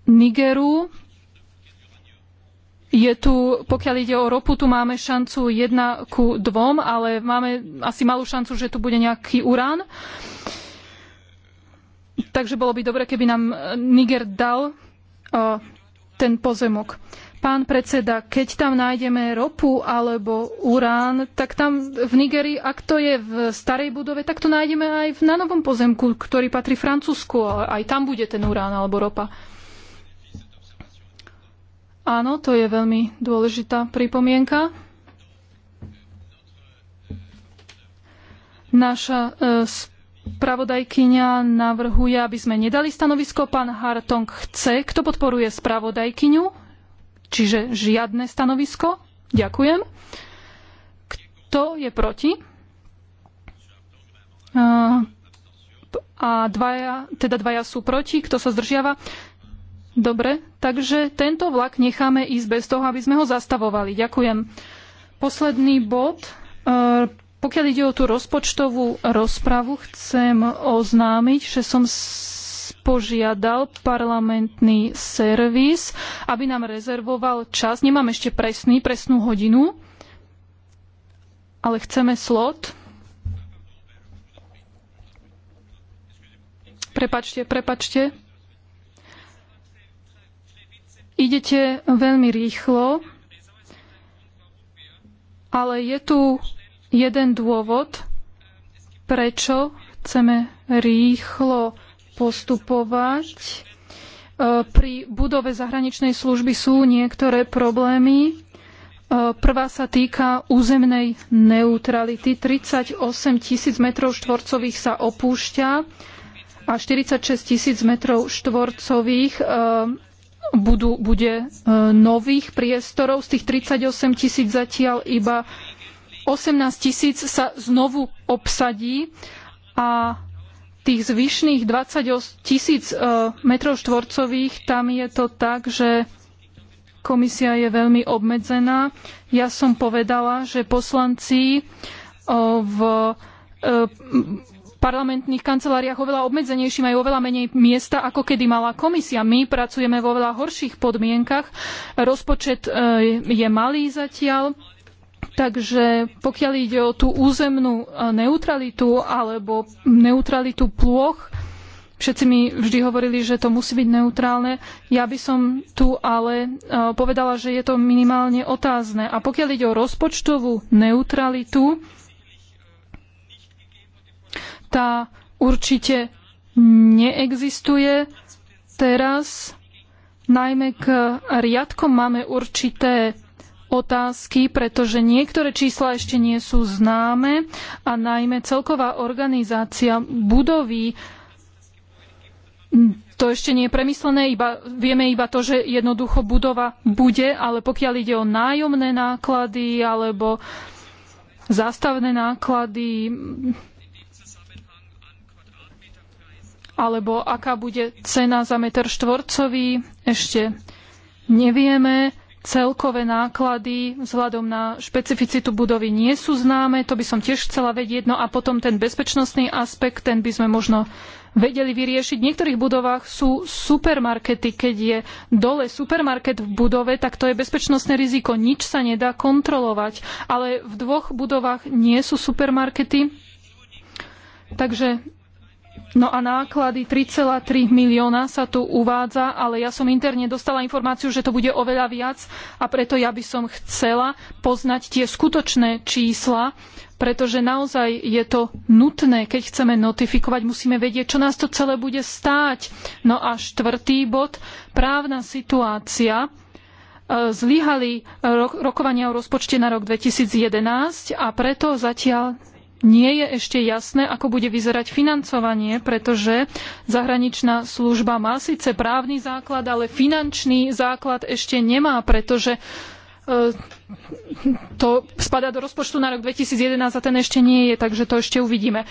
Nigeru. Je tu, pokiaľ ide o ropu, tu máme šancu 1 ku 2, ale máme asi malú šancu, že tu bude nejaký urán. Takže bolo by dobre, keby nám Niger dal uh, ten pozemok. Pán predseda, keď tam nájdeme ropu alebo urán, tak tam v Nigerii, ak to je v starej budove, tak to nájdeme aj na novom pozemku, ktorý patrí Francúzsku, ale aj tam bude ten urán alebo ropa. Áno, to je veľmi dôležitá pripomienka. Naša e, spravodajkyňa navrhuje, aby sme nedali stanovisko. Pán Hartong chce. Kto podporuje spravodajkyňu? Čiže žiadne stanovisko. Ďakujem. Kto je proti? E, a dvaja, teda dvaja sú proti. Kto sa zdržiava? Dobre, takže tento vlak necháme ísť bez toho, aby sme ho zastavovali. Ďakujem. Posledný bod. E, pokiaľ ide o tú rozpočtovú rozpravu, chcem oznámiť, že som požiadal parlamentný servis, aby nám rezervoval čas. Nemám ešte presný, presnú hodinu, ale chceme slot. Prepačte, prepačte, Idete veľmi rýchlo, ale je tu jeden dôvod, prečo chceme rýchlo postupovať. E, pri budove zahraničnej služby sú niektoré problémy. E, prvá sa týka územnej neutrality. 38 tisíc metrov štvorcových sa opúšťa a 46 tisíc metrov štvorcových e, budú, bude e, nových priestorov. Z tých 38 tisíc zatiaľ iba 18 tisíc sa znovu obsadí a tých zvyšných 20 tisíc e, metrov štvorcových, tam je to tak, že komisia je veľmi obmedzená. Ja som povedala, že poslanci e, v parlamentných kanceláriách oveľa obmedzenejší, majú oveľa menej miesta, ako kedy mala komisia. My pracujeme vo veľa horších podmienkach, rozpočet e, je malý zatiaľ, takže pokiaľ ide o tú územnú e, neutralitu alebo neutralitu plôch, Všetci mi vždy hovorili, že to musí byť neutrálne. Ja by som tu ale e, povedala, že je to minimálne otázne. A pokiaľ ide o rozpočtovú neutralitu, tá určite neexistuje teraz. Najmä k riadkom máme určité otázky, pretože niektoré čísla ešte nie sú známe a najmä celková organizácia budovy to ešte nie je premyslené, iba, vieme iba to, že jednoducho budova bude, ale pokiaľ ide o nájomné náklady alebo zástavné náklady, alebo aká bude cena za meter štvorcový, ešte nevieme. Celkové náklady vzhľadom na špecificitu budovy nie sú známe, to by som tiež chcela vedieť. No a potom ten bezpečnostný aspekt, ten by sme možno vedeli vyriešiť. V niektorých budovách sú supermarkety. Keď je dole supermarket v budove, tak to je bezpečnostné riziko. Nič sa nedá kontrolovať. Ale v dvoch budovách nie sú supermarkety. Takže No a náklady 3,3 milióna sa tu uvádza, ale ja som interne dostala informáciu, že to bude oveľa viac a preto ja by som chcela poznať tie skutočné čísla, pretože naozaj je to nutné, keď chceme notifikovať, musíme vedieť, čo nás to celé bude stáť. No a štvrtý bod, právna situácia e, zlyhali rokovania o rozpočte na rok 2011 a preto zatiaľ nie je ešte jasné, ako bude vyzerať financovanie, pretože zahraničná služba má síce právny základ, ale finančný základ ešte nemá, pretože e, to spadá do rozpočtu na rok 2011 a ten ešte nie je, takže to ešte uvidíme.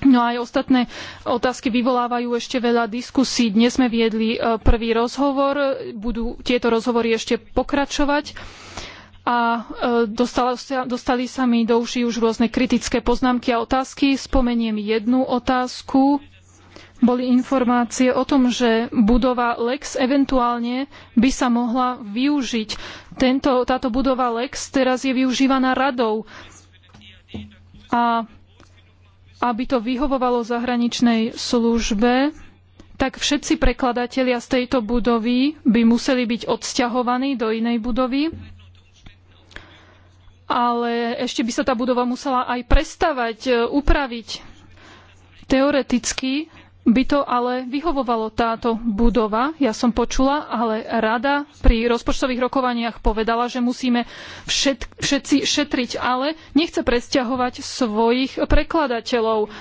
No a aj ostatné otázky vyvolávajú ešte veľa diskusí. Dnes sme viedli e, prvý rozhovor, budú tieto rozhovory ešte pokračovať a e, dostali sa mi do uší už rôzne kritické poznámky a otázky. Spomeniem jednu otázku. Boli informácie o tom, že budova Lex eventuálne by sa mohla využiť. Tento, táto budova Lex teraz je využívaná radou. A aby to vyhovovalo zahraničnej službe, tak všetci prekladatelia z tejto budovy by museli byť odsťahovaní do inej budovy ale ešte by sa tá budova musela aj prestavať, e, upraviť. Teoreticky by to ale vyhovovalo táto budova. Ja som počula, ale rada pri rozpočtových rokovaniach povedala, že musíme všet, všetci šetriť, ale nechce presťahovať svojich prekladateľov.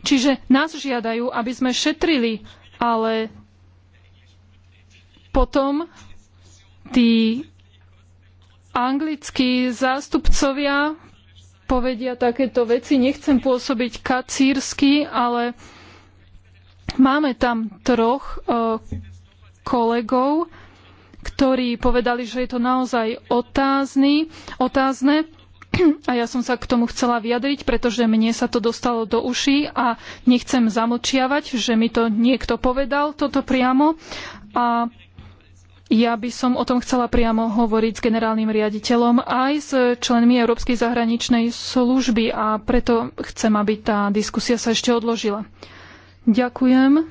Čiže nás žiadajú, aby sme šetrili, ale potom tí anglickí zástupcovia povedia takéto veci. Nechcem pôsobiť kacírsky, ale máme tam troch e, kolegov, ktorí povedali, že je to naozaj otázny, otázne. [CLEARS THROAT] A ja som sa k tomu chcela vyjadriť, pretože mne sa to dostalo do uší a nechcem zamlčiavať, že mi to niekto povedal toto priamo. A ja by som o tom chcela priamo hovoriť s generálnym riaditeľom aj s členmi Európskej zahraničnej služby a preto chcem, aby tá diskusia sa ešte odložila. Ďakujem.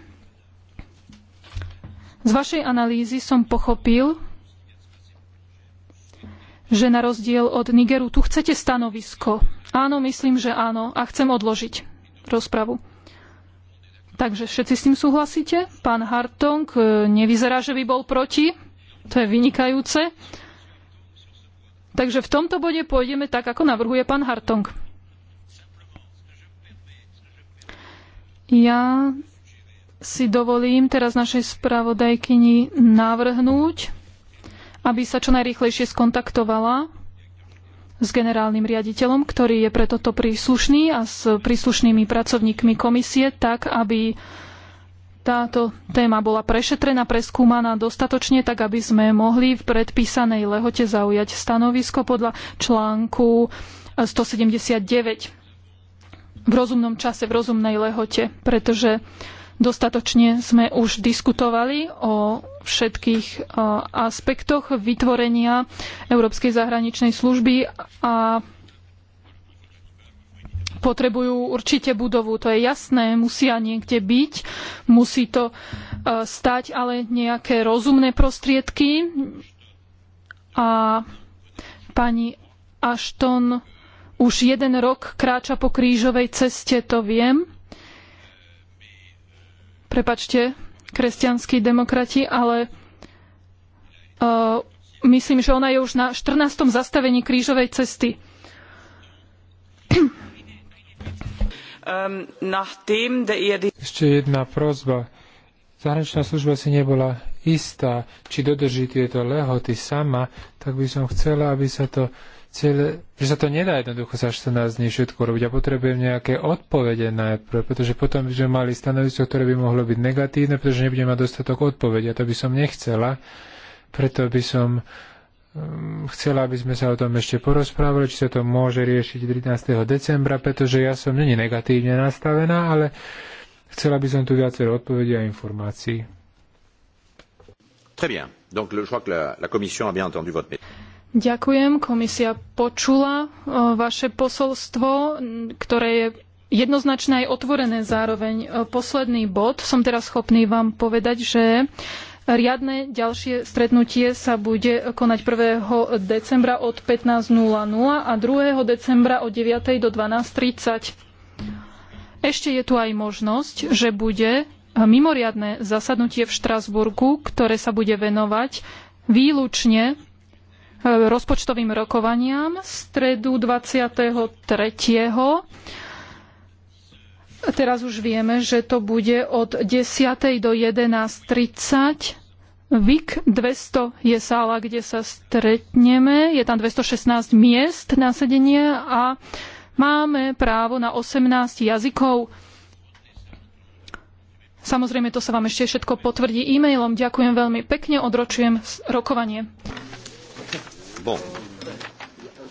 Z vašej analýzy som pochopil, že na rozdiel od Nigeru tu chcete stanovisko. Áno, myslím, že áno a chcem odložiť rozpravu. Takže všetci s tým súhlasíte? Pán Hartong nevyzerá, že by bol proti. To je vynikajúce. Takže v tomto bode pôjdeme tak, ako navrhuje pán Hartong. Ja si dovolím teraz našej spravodajkyni navrhnúť, aby sa čo najrýchlejšie skontaktovala s generálnym riaditeľom, ktorý je pre toto príslušný a s príslušnými pracovníkmi komisie, tak aby táto téma bola prešetrená, preskúmaná dostatočne, tak aby sme mohli v predpísanej lehote zaujať stanovisko podľa článku 179 v rozumnom čase, v rozumnej lehote, pretože dostatočne sme už diskutovali o všetkých e, aspektoch vytvorenia Európskej zahraničnej služby a potrebujú určite budovu, to je jasné, musia niekde byť, musí to e, stať ale nejaké rozumné prostriedky. A pani Ashton už jeden rok kráča po krížovej ceste, to viem. Prepačte, kresťanskí demokrati, ale uh, myslím, že ona je už na 14. zastavení krížovej cesty. Um, Ešte jedna prozba. Zahraničná služba si nebola istá, či dodrží tieto lehoty sama, tak by som chcela, aby sa to celé, že sa to nedá jednoducho za 14 dní všetko robiť a potrebujem nejaké odpovede najprv, pretože potom by sme mali stanovisko, ktoré by mohlo byť negatívne, pretože nebudem mať dostatok A to by som nechcela, preto by som Ehm, chcela, aby sme sa o tom ešte porozprávali, či sa to môže riešiť 13. decembra, pretože ja som není negatívne nastavená, ale chcela by som tu viacero odpovedí a informácií. Très bien. Donc, je crois que la, la commission a bien entendu votre Ďakujem. Komisia počula e, vaše posolstvo, ktoré je jednoznačné aj otvorené zároveň. E, posledný bod. Som teraz schopný vám povedať, že Riadne ďalšie stretnutie sa bude konať 1. decembra od 15.00 a 2. decembra od 9.00 do 12.30. Ešte je tu aj možnosť, že bude mimoriadne zasadnutie v Štrasburgu, ktoré sa bude venovať výlučne e, rozpočtovým rokovaniam stredu 23. Teraz už vieme, že to bude od 10. do 11.30 VIK 200 je sála, kde sa stretneme. Je tam 216 miest na sedenie a máme právo na 18 jazykov. Samozrejme, to sa vám ešte všetko potvrdí e-mailom. Ďakujem veľmi pekne, odročujem rokovanie. Bon.